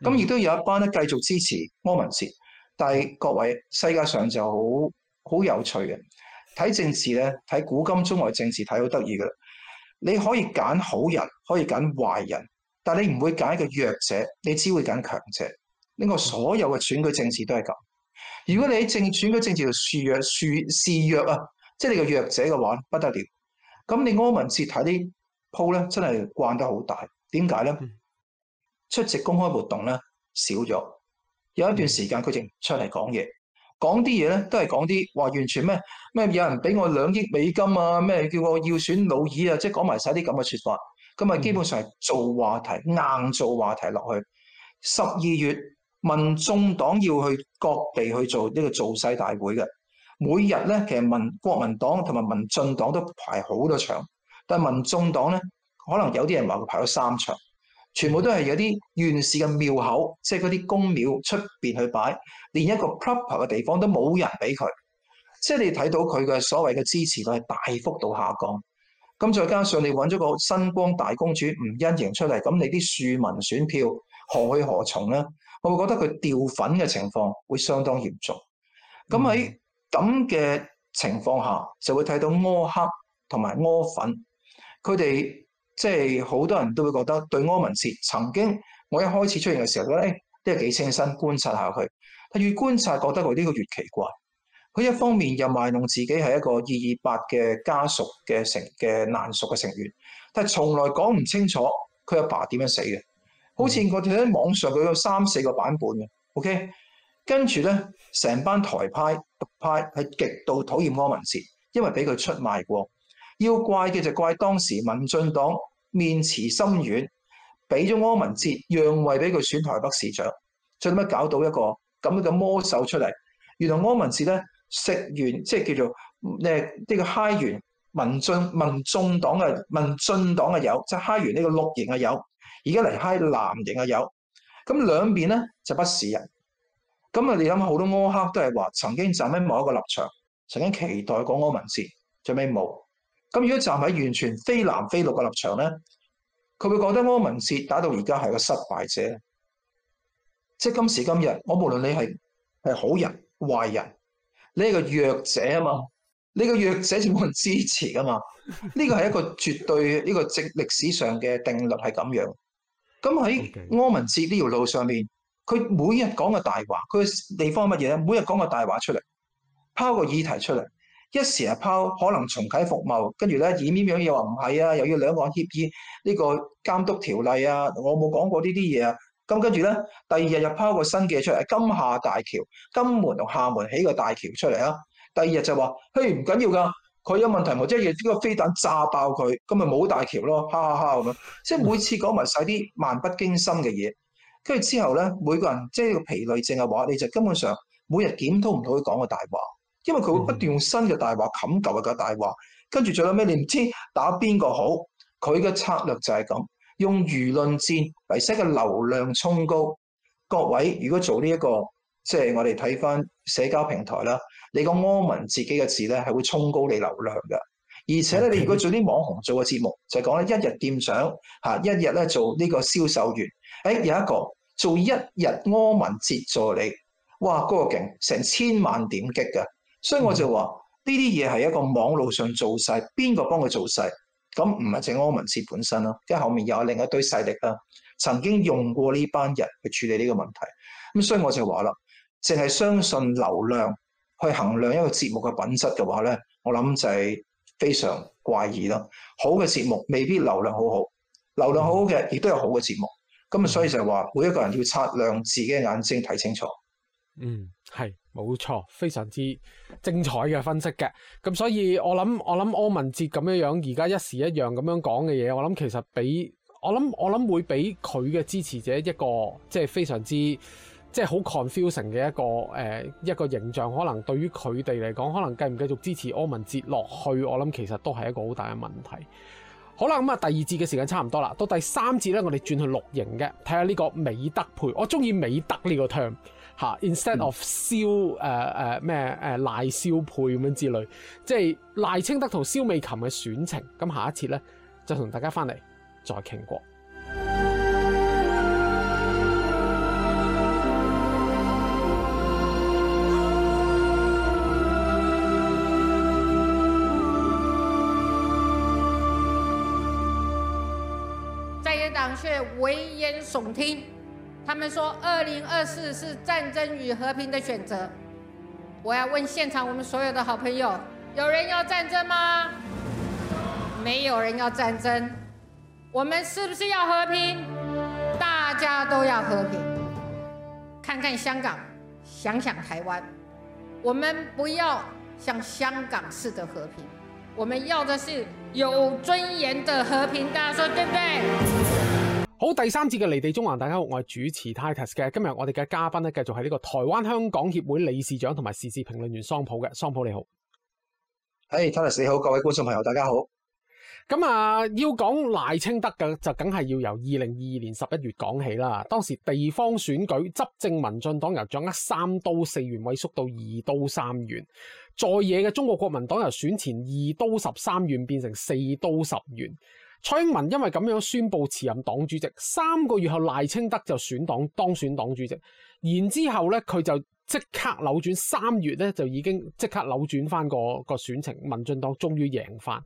咁、嗯、亦都有一班咧繼續支持柯文哲。但係各位世界上就好好有趣嘅，睇政治咧，睇古今中外政治睇好得意噶喇。你可以揀好人，可以揀壞人，但你唔會揀一個弱者，你只會揀強者。呢個所有嘅選舉政治都係咁。如果你喺政選嘅政治度示弱、示弱啊，即係你個弱者嘅話，不得了。咁你柯文哲睇啲鋪咧，真係慣得好大。點解咧？出席公開活動咧少咗，有一段時間佢就唔出嚟講嘢，講啲嘢咧都係講啲話完全咩咩有人俾我兩億美金啊，咩叫我要選老二啊，即係講埋晒啲咁嘅說法，咁啊基本上係做話題、嗯，硬做話題落去。十二月民眾黨要去各地去做呢個造勢大會嘅。每日咧，其實民國民黨同埋民進黨都排好多場，但民眾黨咧，可能有啲人話佢排咗三場，全部都係有啲原始嘅廟口，即係嗰啲宮廟出面去擺，連一個 proper 嘅地方都冇人俾佢，即係你睇到佢嘅所謂嘅支持率係大幅度下降。咁再加上你揾咗個新光大公主吳欣盈出嚟，咁你啲庶民選票何去何從咧？我會，會覺得佢掉粉嘅情況會相當嚴重。咁、嗯、喺咁嘅情況下，就會睇到柯黑同埋柯粉，佢哋即係好多人都會覺得對柯文哲曾經我一開始出現嘅時候咧，都係幾、欸、清新觀察下佢，但越觀察覺得佢呢個越奇怪。佢一方面又賣弄自己係一個二二八嘅家屬嘅成嘅難屬嘅成員，但係從來講唔清楚佢阿爸點樣死嘅，好似我哋喺網上佢有三四個版本嘅、嗯、，OK。跟住咧，成班台派獨派係極度討厭柯文哲，因為俾佢出賣過，要怪嘅就怪當時民進黨面慈心軟，俾咗柯文哲讓位俾佢選台北市長，做乜搞到一個咁嘅魔獸出嚟？原來柯文哲咧食完即係、就是、叫做呢、這個嗨完民進民眾黨嘅民進黨嘅友，即、就、係、是、嗨完呢個綠營嘅友，而家嚟嗨藍營嘅友。咁兩邊咧就不是人。咁啊！你諗下，好多柯克都係話曾經站喺某一個立場，曾經期待過柯文哲。最尾冇。咁如果站喺完全非藍非綠嘅立場咧，佢會覺得柯文哲打到而家係個失敗者。即係今時今日，我無論你係好人壞人，你係個弱者啊嘛，你個弱者就冇人支持㗎嘛。呢個係一個絕對呢、呢個歷史上嘅定律係咁樣。咁喺柯文哲呢條路上面。佢每日講個大話，佢地方乜嘢咧？每日講個大話出嚟，拋個議題出嚟，一時係拋可能重啟服貿，跟住咧以面樣嘢話唔係啊，又要兩岸協議呢、呢個監督條例啊，我冇講過呢啲嘢啊。咁跟住咧，第二日又拋個新嘅出嚟，金廈大橋，金門同廈門起個大橋出嚟啦。第二日就話：嘿，唔緊要㗎，佢有問題，我即係要呢個飛彈炸爆佢，咁咪冇大橋咯，哈哈哈咁樣。嗯、即係每次講埋晒啲漫不經心嘅嘢。跟住之後咧，每個人即係個疲累症嘅話，你就根本上每日檢討唔到佢講嘅大話，因為佢會、嗯、不斷用新嘅大話冚舊嘅大話。跟住最後尾，你唔知打邊個好，佢嘅策略就係咁，用輿論戰嚟寫嘅流量衝高。各位如果做呢、這、一個，即、就、係、是、我哋睇翻社交平台啦，你個柯文自己嘅字咧係會衝高你流量嘅。而且咧，okay. 你如果做啲網紅做嘅節目，就係、是、講咧一日店長嚇，一日咧做呢個銷售員。誒、哎、有一個做一日柯文哲助理，哇！嗰、那個勁成千萬點擊嘅，所以我就話呢啲嘢係一個網路上做晒，邊個幫佢做晒，咁唔係淨柯文哲本身啦，因為後面有另一堆勢力啦、啊，曾經用過呢班人去處理呢個問題。咁所以我就話啦，淨係相信流量去衡量一個節目嘅品質嘅話咧，我諗就係非常怪異啦。好嘅節目未必流量好好，流量好好嘅亦都有好嘅節目。嗯咁所以就係話，每一個人要擦亮自己嘅眼睛睇清楚。嗯，係，冇錯，非常之精彩嘅分析嘅。咁所以我諗，我諗，我諗柯文哲咁樣樣，而家一時一樣咁樣講嘅嘢，我諗其實俾我諗，我諗會俾佢嘅支持者一個即係、就是、非常之即係好 confusing 嘅一個誒、呃、一個形象。可能對於佢哋嚟講，可能繼唔繼續支持柯文哲落去，我諗其實都係一個好大嘅問題。好啦，咁啊第二節嘅時間差唔多啦，到第三節咧，我哋轉去綠營嘅，睇下呢個美德配，我中意美德呢個 term 吓，instead of 蕭誒誒咩誒賴蕭配咁樣之類，即係賴清德同蕭美琴嘅選情，咁下一節咧就同大家翻嚟再傾過。總聽，他們說二零二四是戰爭與和平的選擇。我要問現場我們所有的好朋友，有人要戰爭嗎？沒有人要戰爭，我們是不是要和平？大家都要和平。看看香港，想想台灣，我們不要像香港式的和平，我們要的是有尊嚴的和平。大家說對不對？好，第三節嘅離地縱橫，大家好，我係主持 Titus 嘅。今日我哋嘅嘉賓呢，繼續係呢個台灣香港協會理事長同埋時事評論員桑普嘅。桑普你好，誒，Titus 你好，各位觀眾朋友大家好。咁、嗯、啊，要講賴清德嘅，就梗係要由二零二二年十一月講起啦。當時地方選舉，執政民進黨由掌握三都四縣萎縮到二都三縣，在野嘅中國國民黨由選前二都十三縣變成四都十縣。蔡英文因為咁樣宣布辭任黨主席，三個月後賴清德就選黨當選黨主席，然之後呢佢就即刻扭轉，三月呢就已經即刻扭轉翻個個選情，民進黨終於贏翻。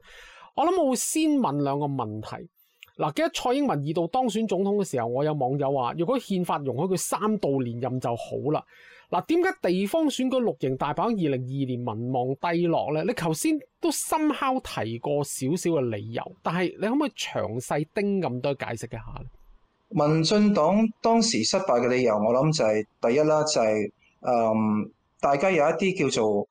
我諗我會先問兩個問題，嗱，記得蔡英文二度當選總統嘅時候，我有網友話，如果憲法容許佢三度連任就好啦。嗱，點解地方選舉六型大敗二零二二年民望低落呢？你頭先都深敲提過少少嘅理由，但係你可唔可以詳細叮咁多解釋一下咧？民進黨當時失敗嘅理由我想、就是，我諗就係第一啦、就是，就係誒大家有一啲叫做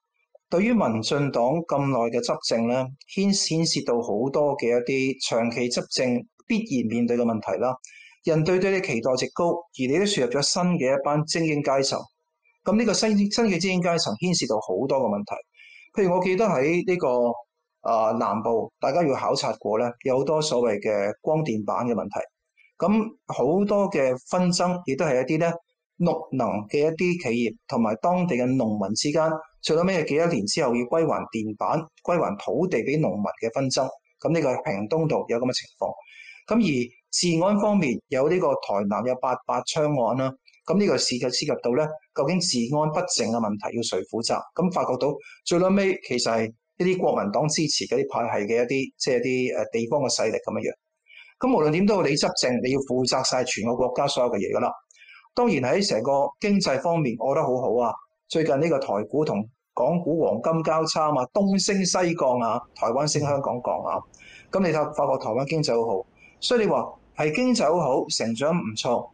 對於民進黨咁耐嘅執政咧，牽牽涉到好多嘅一啲長期執政必然面對嘅問題啦。人對對你期待值高，而你都輸入咗新嘅一班精英階層。咁呢個新新嘅精英階層牽涉到好多個問題，譬如我記得喺呢個啊南部，大家要考察過咧，有好多所謂嘅光電板嘅問題。咁好多嘅紛爭，亦都係一啲咧綠能嘅一啲企業同埋當地嘅農民之間，最尾係幾多年之後要歸還電板、歸還土地俾農民嘅紛爭。咁呢個屏東度有咁嘅情況。咁而治安方面，有呢個台南有八八槍案啦。咁呢個事就涉及到咧，究竟治安不正嘅問題要誰負責？咁發覺到最撈尾，其實係一啲國民黨支持嗰啲派系嘅一啲，即係一啲地方嘅勢力咁樣樣。咁無論點都，你執政你要負責晒全個國家所有嘅嘢噶啦。當然喺成個經濟方面，我覺得好好啊。最近呢個台股同港股、黃金交叉啊，東升西降啊，台灣升香港降啊。咁你就發覺台灣經濟好好，所以你話係經濟好好，成長唔錯。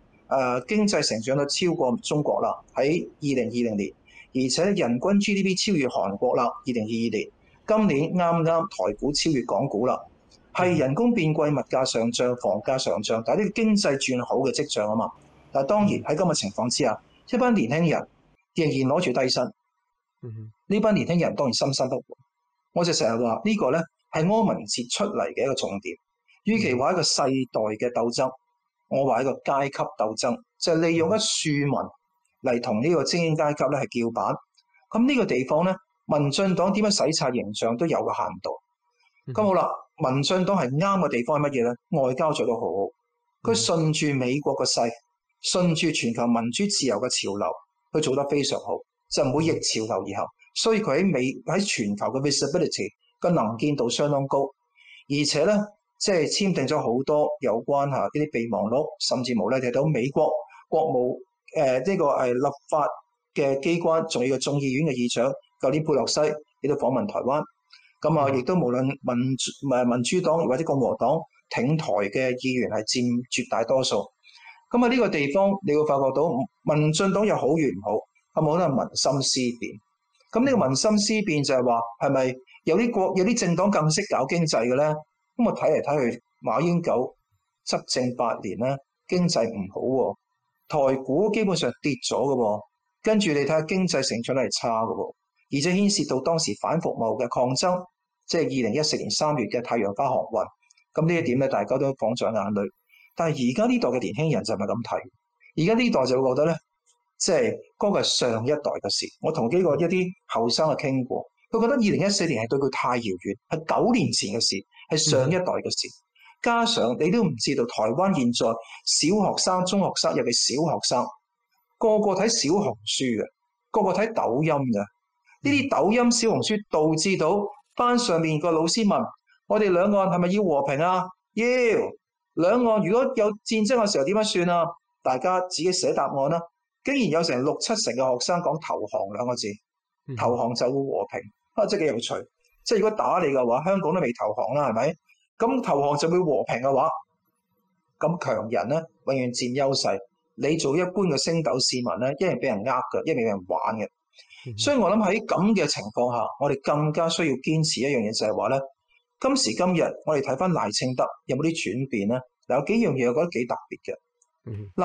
誒經濟成長率超過中國啦，喺二零二零年，而且人均 GDP 超越韓國啦，二零二二年，今年啱啱台股超越港股啦，係人工變貴、物價上漲、房價上漲，但係呢啲經濟轉好嘅跡象啊嘛！但係當然喺今日情況之下，一班年輕人仍然攞住低薪，呢、mm、班 -hmm. 年輕人當然心生不滿。我就成日話呢個呢係柯文哲出嚟嘅一個重點，與其話一個世代嘅鬥爭。Mm -hmm. 我話一個階級鬥爭就係利用一庶民嚟同呢個精英階級咧係叫板。咁呢個地方咧，民進黨點樣洗刷形象都有個限度。咁、嗯、好啦，民進黨係啱嘅地方係乜嘢咧？外交做得好，好，佢順住美國個勢，順住全球民主自由嘅潮流去做得非常好，就唔會逆潮流而行。所以佢喺美喺全球嘅 visibility 個能見度相當高，而且咧。即係簽訂咗好多有關嚇呢啲備忘錄，甚至無啦，提到美國國務呢個立法嘅機關，仲有一個眾議院嘅議長，舊年佩洛西亦都訪問台灣。咁、嗯、啊，亦都無論民主民主黨或者共和黨挺台嘅議員係佔絕大多數。咁啊，呢個地方你會發覺到民進黨又好與唔好，係冇得民心思變。咁呢個民心思變就係話係咪有啲國有啲政黨更識搞經濟嘅咧？咁我睇嚟睇去，馬英九執政八年咧，經濟唔好喎、啊，台股基本上跌咗喎、啊。跟住你睇下經濟成長係差喎、啊，而且牽涉到當時反服貿嘅抗爭，即係二零一四年三月嘅太陽花學運。咁呢一點咧，大家都放上眼裏。但係而家呢代嘅年輕人就唔係咁睇，而家呢代就會覺得咧，即係嗰個係上一代嘅事。我同幾個一啲後生嘅傾過，佢覺得二零一四年係對佢太遙遠，係九年前嘅事。係上一代嘅事、嗯，加上你都唔知道，台灣現在小學生、中學生，尤其小學生，個個睇小紅書嘅，個個睇抖音嘅，呢啲抖音、小紅書導致到班上面個老師問：嗯、我哋兩岸係咪要和平啊？要、yeah! 兩岸如果有戰爭嘅時候點樣算啊？大家自己寫答案啦、啊。竟然有成六七成嘅學生講投降兩個字，投降就會和平，啊、嗯，真係幾有趣。即係如果打你嘅話，香港都未投降啦，係咪？咁投降就會和平嘅話，咁強人咧永遠佔優勢。你做一般嘅星斗市民咧，一係俾人呃嘅，一係俾人玩嘅。所以我諗喺咁嘅情況下，我哋更加需要堅持一樣嘢就係話咧，今時今日我哋睇翻賴清德有冇啲轉變咧？有幾樣嘢我覺得幾特別嘅。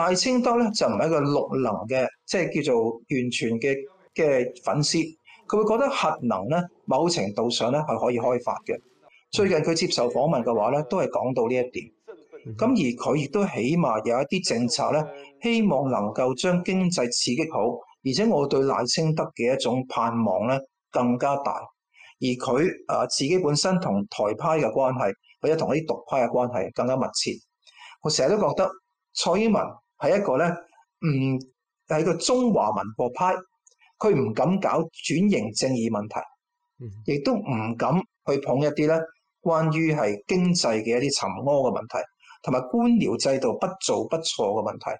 賴清德咧就唔係一個綠能嘅，即係叫做完全嘅嘅粉絲。佢會覺得核能咧，某程度上咧係可以開發嘅。最近佢接受訪問嘅話咧，都係講到呢一點。咁而佢亦都起碼有一啲政策咧，希望能夠將經濟刺激好。而且我對賴清德嘅一種盼望咧更加大。而佢自己本身同台派嘅關係，或者同一啲獨派嘅關係更加密切。我成日都覺得蔡英文係一個咧，唔係一個中華民國派。佢唔敢搞轉型正義問題，亦都唔敢去碰一啲咧關於係經濟嘅一啲沉屙嘅問題，同埋官僚制度不做不錯嘅問題。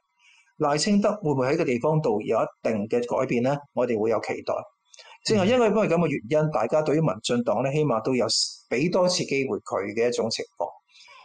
賴清德會唔會喺個地方度有一定嘅改變呢？我哋會有期待。正係因為因為咁嘅原因、嗯，大家對於民進黨咧，起碼都有俾多次機會佢嘅一種情況。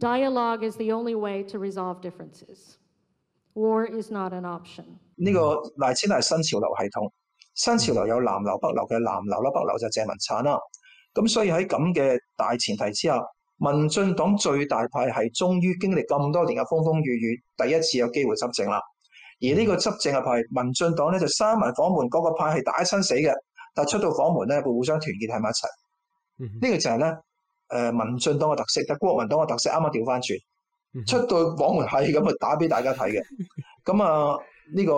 Dialogue is the only way to resolve differences. War is not an option. 呢、嗯這個賴清德係新潮流系統，新潮流有南流北流嘅南流啦，北流就鄭文燦啦。咁所以喺咁嘅大前提之下，民進黨最大派系終於經歷咁多年嘅風風雨雨，第一次有機會執政啦，而呢個執政嘅派民進黨咧，就閂埋房門、那個派系打親死嘅，但出到房門咧，會互相團結喺埋一齊，呢、嗯這個就係呢。誒，民進黨嘅特色，但國民黨嘅特色啱啱調翻轉，出到網門係咁啊，打俾大家睇嘅。咁啊，呢個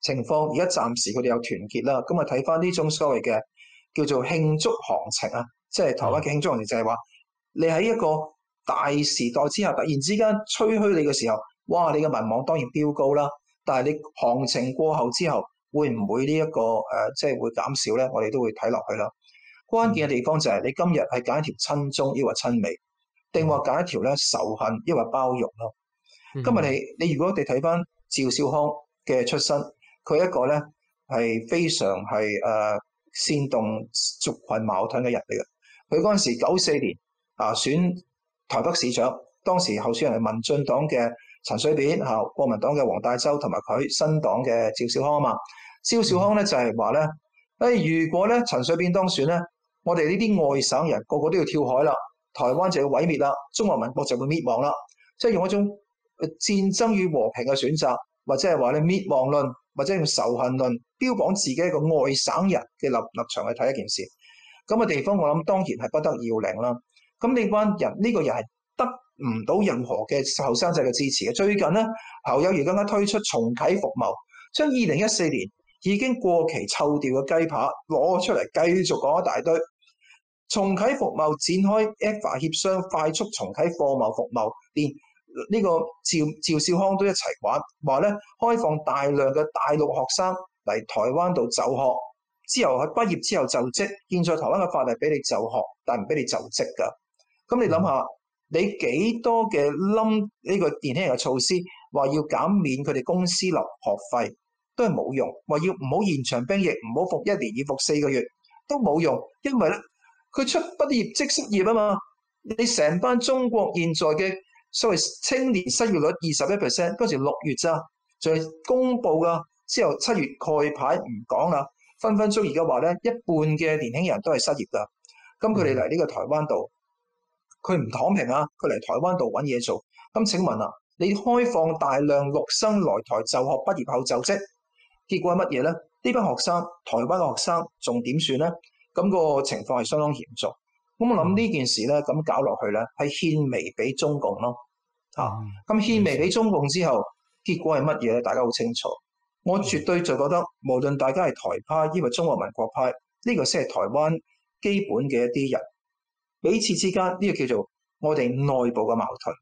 情況而家暫時佢哋有團結啦。咁啊，睇翻呢種所謂嘅叫做慶祝行情啊，即係台灣嘅慶祝行情就係話，你喺一個大時代之下突然之間吹噓你嘅時候，哇！你嘅民望當然飆高啦。但係你行情過後之後，會唔會呢一個誒，即係會減少咧？我哋都會睇落去啦。關鍵嘅地方就係你今日係揀一條親中，抑或親美，定話揀一條咧仇恨，抑或包容咯、嗯？今日你你如果我哋睇翻趙少康嘅出身，佢一個咧係非常係誒、uh, 煽動族群矛盾嘅人嚟嘅。佢嗰陣時九四年啊，選台北市長，當時候選人係民進黨嘅陳水扁嚇，國民黨嘅黃大洲同埋佢新黨嘅趙少康啊嘛。趙少康咧就係話咧誒，如果咧陳水扁當選咧。我哋呢啲外省人個個都要跳海啦，台灣就要毀滅啦，中華民國就會滅亡啦。即係用一種戰爭與和平嘅選擇，或者係話你滅亡論，或者用仇恨論標榜自己一個外省人嘅立立場去睇一件事。咁個地方我諗當然係不得要領啦。咁呢班人呢、這個人係得唔到任何嘅後生仔嘅支持嘅。最近咧，侯友宜更加推出重啟服貿，將二零一四年。已經過期臭掉嘅雞扒攞出嚟繼續講一大堆，重啟服貿，展開 ECFA 協商，快速重啟貨貿服貿，連呢個趙趙少康都一齊玩。話咧，開放大量嘅大陸學生嚟台灣度就學，之後喺畢業之後就職。現在台灣嘅法律俾你就學，但唔俾你就職噶。咁你諗下，你幾多嘅冧呢個年輕人嘅措施，話要減免佢哋公司留學費？都係冇用，話要唔好延長兵役，唔好服一年，要服四個月都冇用，因為咧佢出畢業即失業啊嘛。你成班中國現在嘅所謂青年失業率二十一 percent，嗰時六月咋就公布噶，之後七月蓋牌唔講啦，分分鐘而家話咧一半嘅年輕人都係失業噶。咁佢哋嚟呢個台灣度，佢唔躺平啊，佢嚟台灣度揾嘢做。咁請問啊，你開放大量陸生來台就學畢業後就職？結果係乜嘢呢？呢班學生，台灣嘅學生，仲點算呢，咁個情況係相當嚴重。咁我冇諗呢件事呢，咁搞落去呢，係獻媚俾中共咯。嚇、嗯，咁、啊、獻媚俾中共之後，結果係乜嘢呢？大家好清楚。我絕對就覺得，嗯、無論大家係台派，因為中華民國派，呢個先係台灣基本嘅一啲人，彼此之間呢個叫做我哋內部嘅矛盾，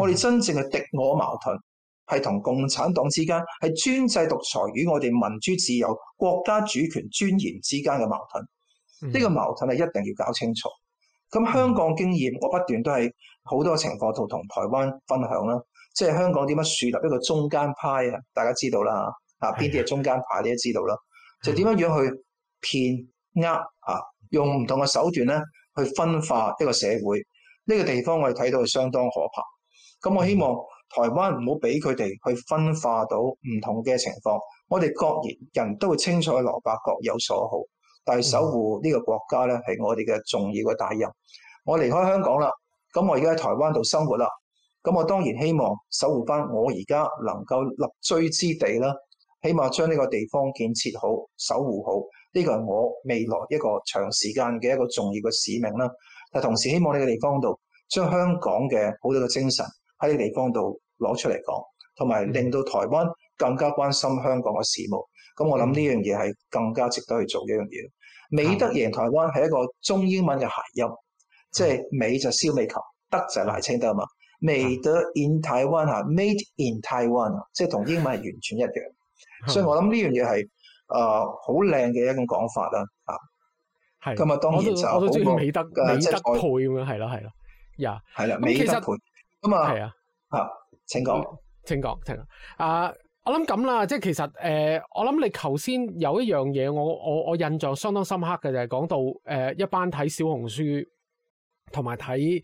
我哋真正嘅敵我矛盾。嗯係同共產黨之間，係專制獨裁與我哋民主自由、國家主權尊嚴之間嘅矛盾。呢個矛盾係一定要搞清楚。咁香港經驗，我不斷都係好多情況度同台灣分享啦。即係香港點樣樹立一個中間派啊？大家知道啦，啊邊啲係中間派，你都知道啦。就點樣樣去騙呃啊，用唔同嘅手段咧，去分化一個社會。呢個地方我哋睇到係相當可怕。咁我希望。台灣唔好俾佢哋去分化到唔同嘅情況，我哋各人人都會清楚菜蘿蔔各有所好，但係守護呢個國家咧係我哋嘅重要嘅大任。我離開香港啦，咁我而家喺台灣度生活啦，咁我當然希望守護翻我而家能夠立錐之地啦，希望將呢個地方建設好、守護好，呢個係我未來一個長時間嘅一個重要嘅使命啦。但同時希望呢個地方度將香港嘅好多嘅精神喺呢個地方度。攞出嚟講，同埋令到台灣更加關心香港嘅事務。咁、嗯、我諗呢樣嘢係更加值得去做嘅一樣嘢。美德贏台灣係一個中英文嘅諧音，嗯、即係美就係蕭美琴，德就係賴清德啊嘛。美德 in Taiwan 啊，Made in Taiwan, made in Taiwan、嗯、即係同英文係完全一樣、嗯。所以我諗呢樣嘢係啊好靚嘅一種講法啦。啊，咁啊，當然就我好中意美德美德配咁樣係咯係咯，呀、係，啦。咁啊，啊。Yeah. 請講、嗯，請講，請講。啊，我諗咁啦，即係其實誒、呃，我諗你頭先有一樣嘢，我我我印象相當深刻嘅就係、是、講到誒、呃，一班睇小紅書同埋睇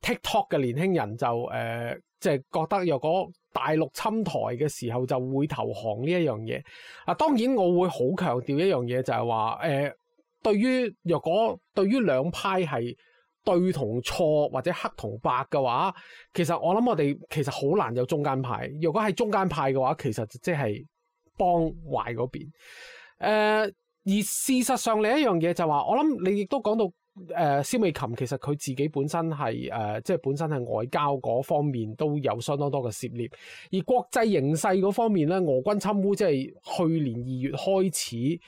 TikTok 嘅年輕人就誒，即、呃、係、就是、覺得若果大陸侵台嘅時候就會投降呢一樣嘢。啊，當然我會好強調一樣嘢，就係話誒，對於若果對於兩派係。對同錯或者黑同白嘅話，其實我諗我哋其實好難有中間派。如果係中間派嘅話，其實即係幫壞嗰邊。誒而事實上另一樣嘢就話、是，我諗你亦都講到誒、呃、蕭美琴其實佢自己本身係、呃、即係本身係外交嗰方面都有相當多嘅涉獵。而國際形勢嗰方面呢，俄軍侵污，侵烏即、就、係、是、去年二月開始。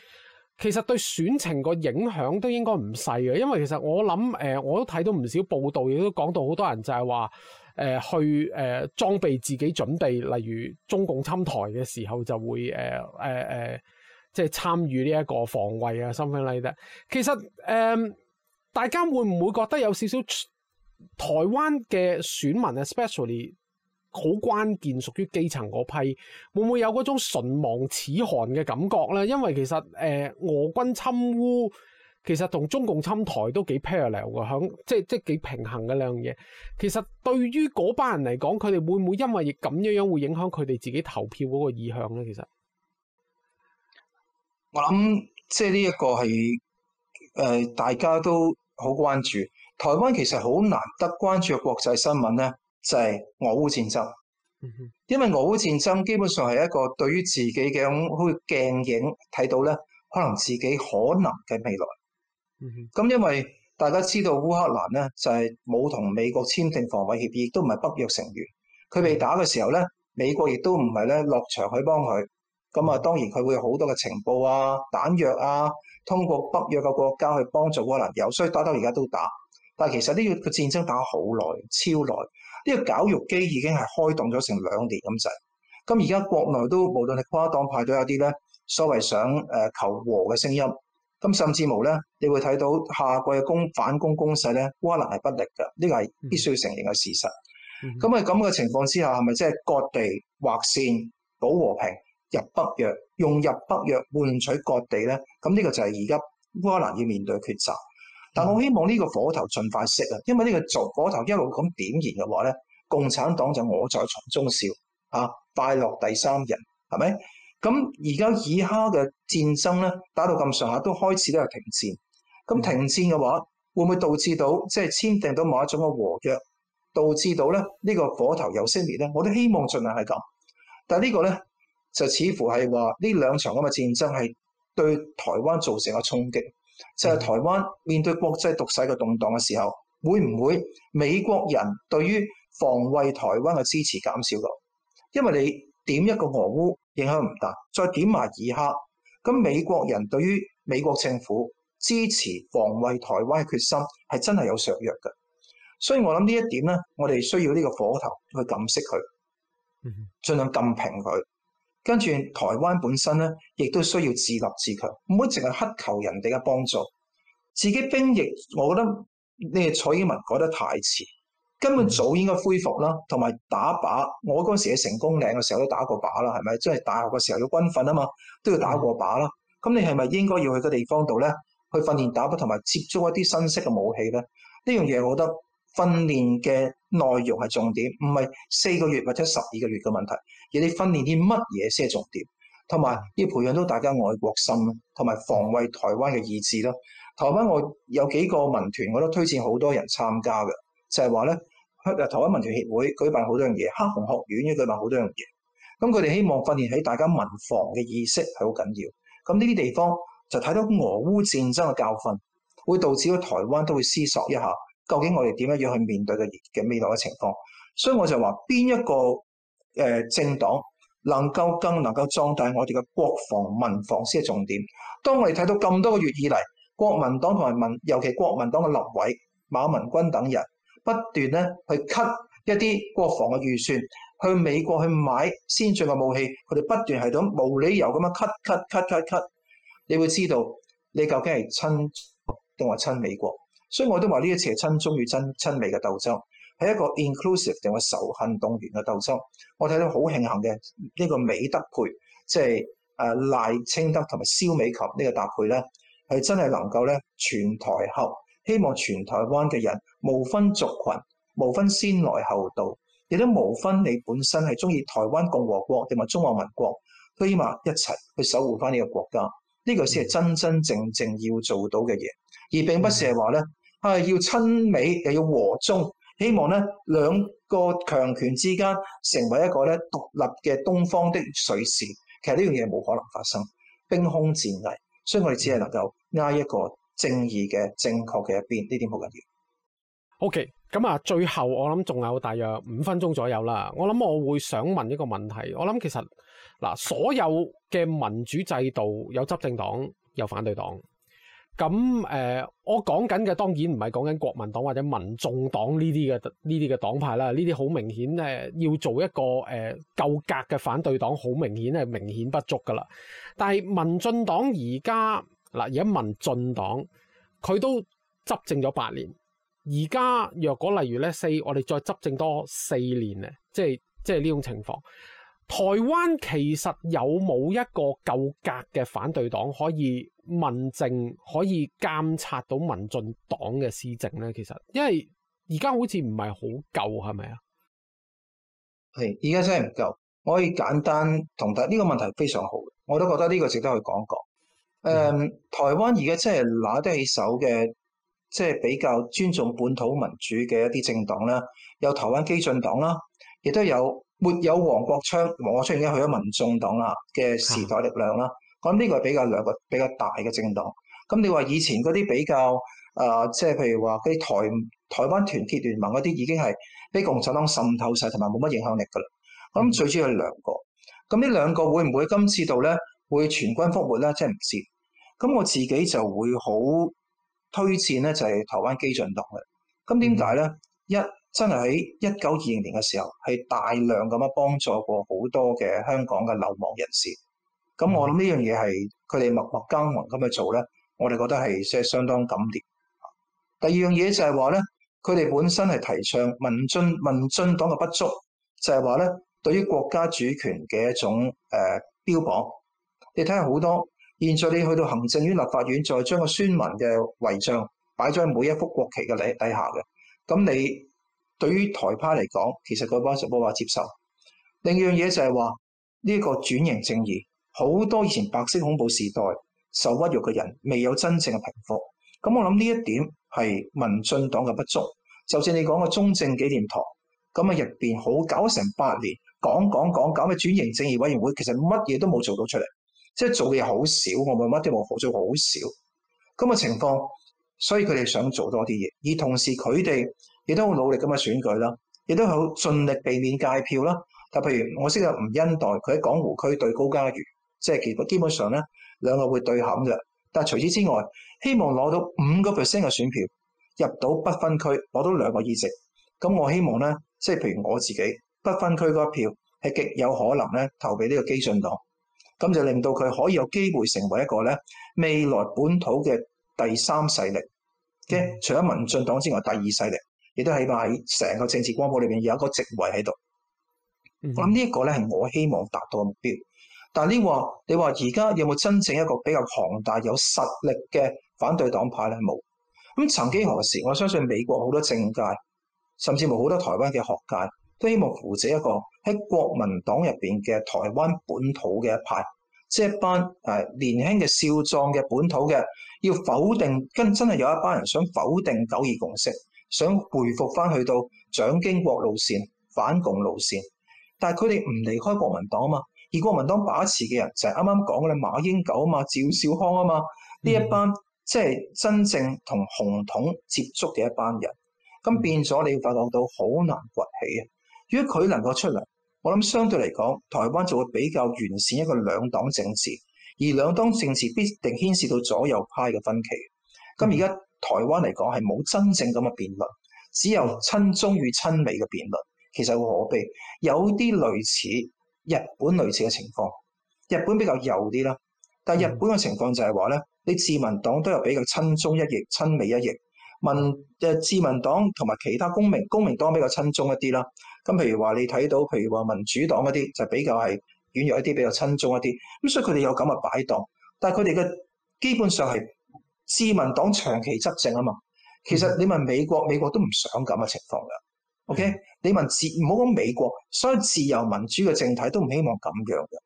其實對選情個影響都應該唔細嘅，因為其實我諗，誒、呃，我都睇到唔少報道，亦都講到好多人就係話，誒、呃，去誒、呃、裝備自己準備，例如中共侵台嘅時候就會，誒、呃，誒、呃，誒、呃，即係參與呢一個防衛啊，什麼之類嘅。其實，誒、呃，大家會唔會覺得有少少台灣嘅選民，especially 好關鍵，屬於基層嗰批，會唔會有嗰種唇亡齒寒嘅感覺呢？因為其實誒、呃、俄軍侵烏，其實同中共侵台都幾 parallel 嘅，響即即幾平衡嘅兩樣嘢。其實對於嗰班人嚟講，佢哋會唔會因為咁樣樣會影響佢哋自己投票嗰個意向呢？其實我諗，即呢一個係誒、呃、大家都好關注。台灣其實好難得關注的國際新聞呢。就係、是、俄烏戰爭，因為俄烏戰爭基本上係一個對於自己嘅咁好鏡影，睇到呢可能自己可能嘅未來咁、嗯。因為大家知道烏克蘭呢，就係冇同美國簽訂防衞協議，亦都唔係北約成員。佢被打嘅時候呢、嗯，美國亦都唔係呢落場去幫佢咁啊。當然佢會有好多嘅情報啊、彈藥啊，通過北約嘅國家去幫助烏克蘭友。有所以打到而家都打，但其實呢個個戰爭打好耐、超耐。呢、這個絞肉機已經係開動咗成兩年咁滯，咁而家國內都無論係跨黨派都有啲咧，所謂想誒求和嘅聲音，咁甚至乎咧，你會睇到夏季嘅攻反攻攻勢咧，可能係不力嘅，呢個係必須要承認嘅事實。咁喺咁嘅情況之下，係咪即係割地劃線保和平、入北約，用入北約換取割地咧？咁呢個就係而家可能要面對嘅抉擇。但我希望呢個火頭盡快熄啊，因為呢個族火頭一路咁點燃嘅話咧，共產黨就我在從中笑啊，快樂第三人，係咪？咁而家以哈嘅戰爭咧，打到咁上下都開始都係停戰，咁停戰嘅話，會唔會導致到即係、就是、簽訂到某一種嘅和約，導致到咧呢個火頭又熄滅咧？我都希望盡量係咁。但係呢個咧，就似乎係話呢兩場咁嘅戰爭係對台灣造成嘅衝擊。就係、是、台灣面對國際獨勢嘅動蕩嘅時候，會唔會美國人對於防衛台灣嘅支持減少咗？因為你點一個俄烏影響唔大，再點埋伊拉克，咁美國人對於美國政府支持防衛台灣嘅決心係真係有削弱嘅，所以我諗呢一點咧，我哋需要呢個火頭去撳熄佢，嗯，盡量撳平佢。跟住台灣本身咧，亦都需要自立自強，唔好淨係乞求人哋嘅幫助。自己兵役，我覺得呢個蔡英文改得太遲，根本早應該恢復啦。同埋打靶，我嗰時喺成功嶺嘅時候都打過靶啦，係咪？即係大學嘅時候要軍訓啊嘛，都要打過靶啦。咁你係咪應該要去個地方度咧，去訓練打靶同埋接觸一啲新式嘅武器咧？呢樣嘢我覺得。訓練嘅內容係重點，唔係四個月或者十二個月嘅問題。而你訓練啲乜嘢先係重點，同埋要培養到大家愛國心，同埋防衛台灣嘅意志咯。台灣我有幾個民團，我都推薦好多人參加嘅，就係話咧，台灣民團協會舉辦好多樣嘢，黑熊學院亦舉辦好多樣嘢。咁佢哋希望訓練喺大家民防嘅意識係好緊要。咁呢啲地方就睇到俄烏戰爭嘅教訓，會導致到台灣都會思索一下。究竟我哋點樣樣去面對嘅嘅未來嘅情況？所以我就話邊一個誒政黨能夠更能夠壯大我哋嘅國防、民防先係重點。當我哋睇到咁多個月以嚟，國民黨同埋民，尤其國民黨嘅立委馬文君等人不斷咧去 cut 一啲國防嘅預算，去美國去買先進嘅武器，佢哋不斷係咁無理由咁樣 cut cut cut cut，你會知道你究竟係親定親美國。所以我都話呢一次親中與親親美嘅鬥爭，係一個 inclusive 定係仇恨動員嘅鬥爭。我睇到好慶幸嘅呢個美德配，即係誒賴清德同埋蕭美琴呢個搭配咧，係真係能夠咧全台後希望全台灣嘅人，無分族群，無分先來後到，亦都無分你本身係中意台灣共和國定係中華民國，都希望一齊去守護翻呢個國家。呢個先係真真正正要做到嘅嘢，而並不是係話咧。要親美又要和中，希望咧兩個強權之間成為一個咧獨立嘅東方的瑞士。其實呢樣嘢冇可能發生，兵凶戰危，所以我哋只係能夠挨一個正義嘅正確嘅一邊。呢點好緊要。OK，咁啊，最後我諗仲有大約五分鐘左右啦。我諗我會想問一個問題。我諗其實嗱，所有嘅民主制度有執政黨有反對黨。咁、呃、我講緊嘅當然唔係講緊國民黨或者民眾黨呢啲嘅呢啲嘅黨派啦，呢啲好明顯呢、呃，要做一個誒夠、呃、格嘅反對黨，好明顯係明顯不足噶啦。但係民進黨而家嗱，而家民進黨佢都執政咗八年，而家若果例如咧四，我哋再執政多四年咧，即係即係呢種情況。台灣其實有冇一個夠格嘅反對黨可以問政，可以監察到民進黨嘅施政咧？其實因為而家好似唔係好夠，係咪啊？係，而家真係唔夠。我可以簡單同大家呢、這個問題非常好，我都覺得呢個值得去講講。誒、嗯嗯，台灣而家真係拿得起手嘅，即、就、係、是、比較尊重本土民主嘅一啲政黨啦，有台灣基進黨啦，亦都有。沒有黃國昌，黃國昌已經去咗民眾黨啦嘅時代力量啦、啊。我諗呢個係比較兩個比較大嘅政黨。咁你話以前嗰啲比較誒，即係譬如話嗰啲台台灣團結聯盟嗰啲已經係俾共產黨滲透晒，同埋冇乜影響力㗎啦。咁最主要係兩個，咁呢兩個會唔會今次度咧會全軍覆沒咧？即係唔知道。咁我自己就會好推薦咧，就係台灣基進黨啦。咁點解咧？一真係喺一九二零年嘅時候，係大量咁樣幫助過好多嘅香港嘅流亡人士。咁我諗呢樣嘢係佢哋默默耕耘咁去做咧，我哋覺得係即係相當感念。第二樣嘢就係話咧，佢哋本身係提倡民進民進黨嘅不足，就係話咧對於國家主權嘅一種誒標榜。你睇下好多，現在你去到行政院、立法院，再將個孫文嘅遺像擺咗喺每一幅國旗嘅底底下嘅，咁你。對於台派嚟講，其實佢巴就冇法接受。另一樣嘢就係話呢個個轉型正義，好多以前白色恐怖時代受屈辱嘅人未有真正嘅平復。咁我諗呢一點係民進黨嘅不足。就算你講個中正紀念堂咁啊，入邊好搞成八年，講講講搞嘅轉型正義委員會，其實乜嘢都冇做到出嚟，即係做嘢好少，我咪乜都冇做，好少咁嘅、這個、情況。所以佢哋想做多啲嘢，而同時佢哋。亦都好努力咁嘅選舉啦，亦都好盡力避免界票啦。但譬如我識阿吳欣岱，佢喺港湖區對高嘉瑜，即係結果基本上咧兩個會對撼嘅。但除此之外，希望攞到五個 percent 嘅選票入到不分區，攞到兩個議席。咁我希望咧，即係譬如我自己不分區嗰一票係極有可能咧投俾呢個基進黨，咁就令到佢可以有機會成為一個咧未來本土嘅第三勢力嘅、嗯，除咗民進黨之外第二勢力。亦都起碼喺成個政治光譜裏邊有一個席位喺度。咁呢一個咧係我希望達到嘅目標。但呢，你話你話而家有冇真正一個比較龐大有實力嘅反對黨派咧？冇。咁，曾幾何時，我相信美國好多政界，甚至乎好多台灣嘅學界都希望扶植一個喺國民黨入邊嘅台灣本土嘅一派，即係一班誒年輕嘅少壯嘅本土嘅要否定跟真係有一班人想否定九二共識。想回復翻去到蔣經國路線、反共路線，但係佢哋唔離開國民黨啊嘛，而國民黨把持嘅人就係啱啱講嘅馬英九啊嘛、趙少康啊嘛，呢、嗯、一班即係真正同紅統接觸嘅一班人，咁、嗯、變咗你會發覺到好難崛起啊！如果佢能夠出嚟，我諗相對嚟講，台灣就會比較完善一個兩黨政治，而兩黨政治必定牽涉到左右派嘅分歧。咁而家。嗯台灣嚟講係冇真正咁嘅辯論，只有親中與親美嘅辯論，其實好可悲。有啲類似日本類似嘅情況，日本比較幼啲啦。但係日本嘅情況就係話咧，你自民黨都有比較親中一翼、親美一翼，民嘅自民黨同埋其他公明，公明黨比較親中一啲啦。咁譬如話你睇到，譬如話民主黨嗰啲就比較係軟弱一啲，比較親中一啲。咁所以佢哋有咁嘅擺盪，但係佢哋嘅基本上係。自民黨長期執政啊嘛，其實你問美國，嗯、美國都唔想咁嘅情況嘅，OK？嗯、你問自唔好講美國，所以自由民主嘅政體都唔希望咁樣嘅。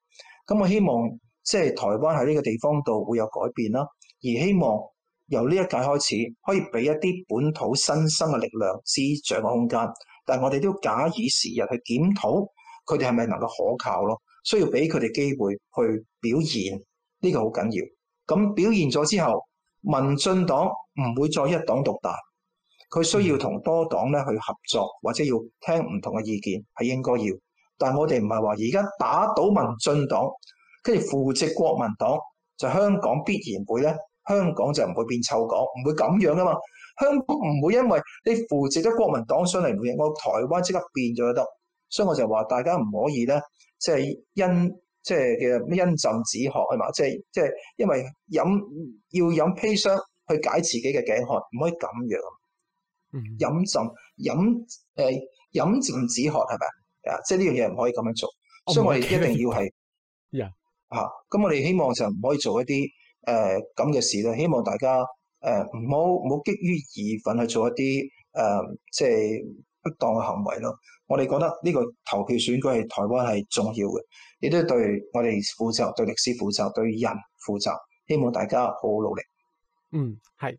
咁我希望即係、就是、台灣喺呢個地方度會有改變啦，而希望由呢一屆開始可以俾一啲本土新生嘅力量滋長嘅空間。但是我哋都假以時日去檢討佢哋係咪能夠可靠咯，需要俾佢哋機會去表現，呢、這個好緊要。咁表現咗之後。民進黨唔會再一黨獨大，佢需要同多黨咧去合作，或者要聽唔同嘅意見係應該要。但係我哋唔係話而家打倒民進黨，跟住扶植國民黨，就是、香港必然會咧，香港就唔會變臭港，唔會咁樣噶嘛。香港唔會因為你扶植咗國民黨上嚟會令到台灣即刻變咗就得。所以我就話大家唔可以咧，即係因。即係嘅飲鴆止渴係嘛？即係即係，因為飲要飲砒霜去解自己嘅頸渴，唔可以咁樣。飲浸飲誒，飲鴆、呃、止渴係咪啊？即係呢樣嘢唔可以咁樣做，所以我哋一定要係吓。咁、yeah. 啊、我哋希望就唔可以做一啲誒咁嘅事啦。希望大家誒唔好唔好激於義憤去做一啲誒、呃、即係。不當嘅行為咯，我哋覺得呢個投票選舉係台灣係重要嘅，亦都對我哋負責，對歷史負責，對人負責，希望大家好好努力。嗯，係。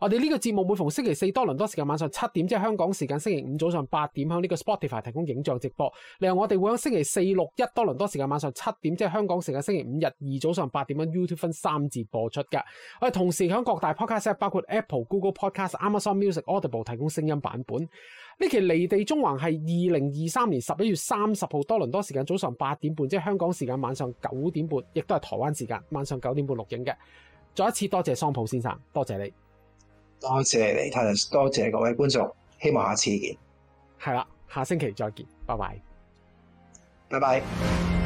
我哋呢個節目每逢星期四多倫多時間晚上七點，即係香港時間星期五早上八點，喺呢個 Spotify 提供影像直播。另外，我哋會喺星期四、六一多倫多時間晚上七點，即係香港時間星期五日二早上八點，喺 YouTube 分三節播出嘅。我哋同時喺各大 Podcast，包括 Apple、Google Podcast、Amazon Music、Audible 提供聲音版本。呢期離地縱橫係二零二三年十一月三十號多倫多時間早上八點半，即係香港時間晚上九點半，亦都係台灣時間晚上九點半錄影嘅。再一次多謝桑普先生，多謝你。多謝你，多謝各位觀眾，希望下次見。係啦，下星期再見，拜拜，拜拜。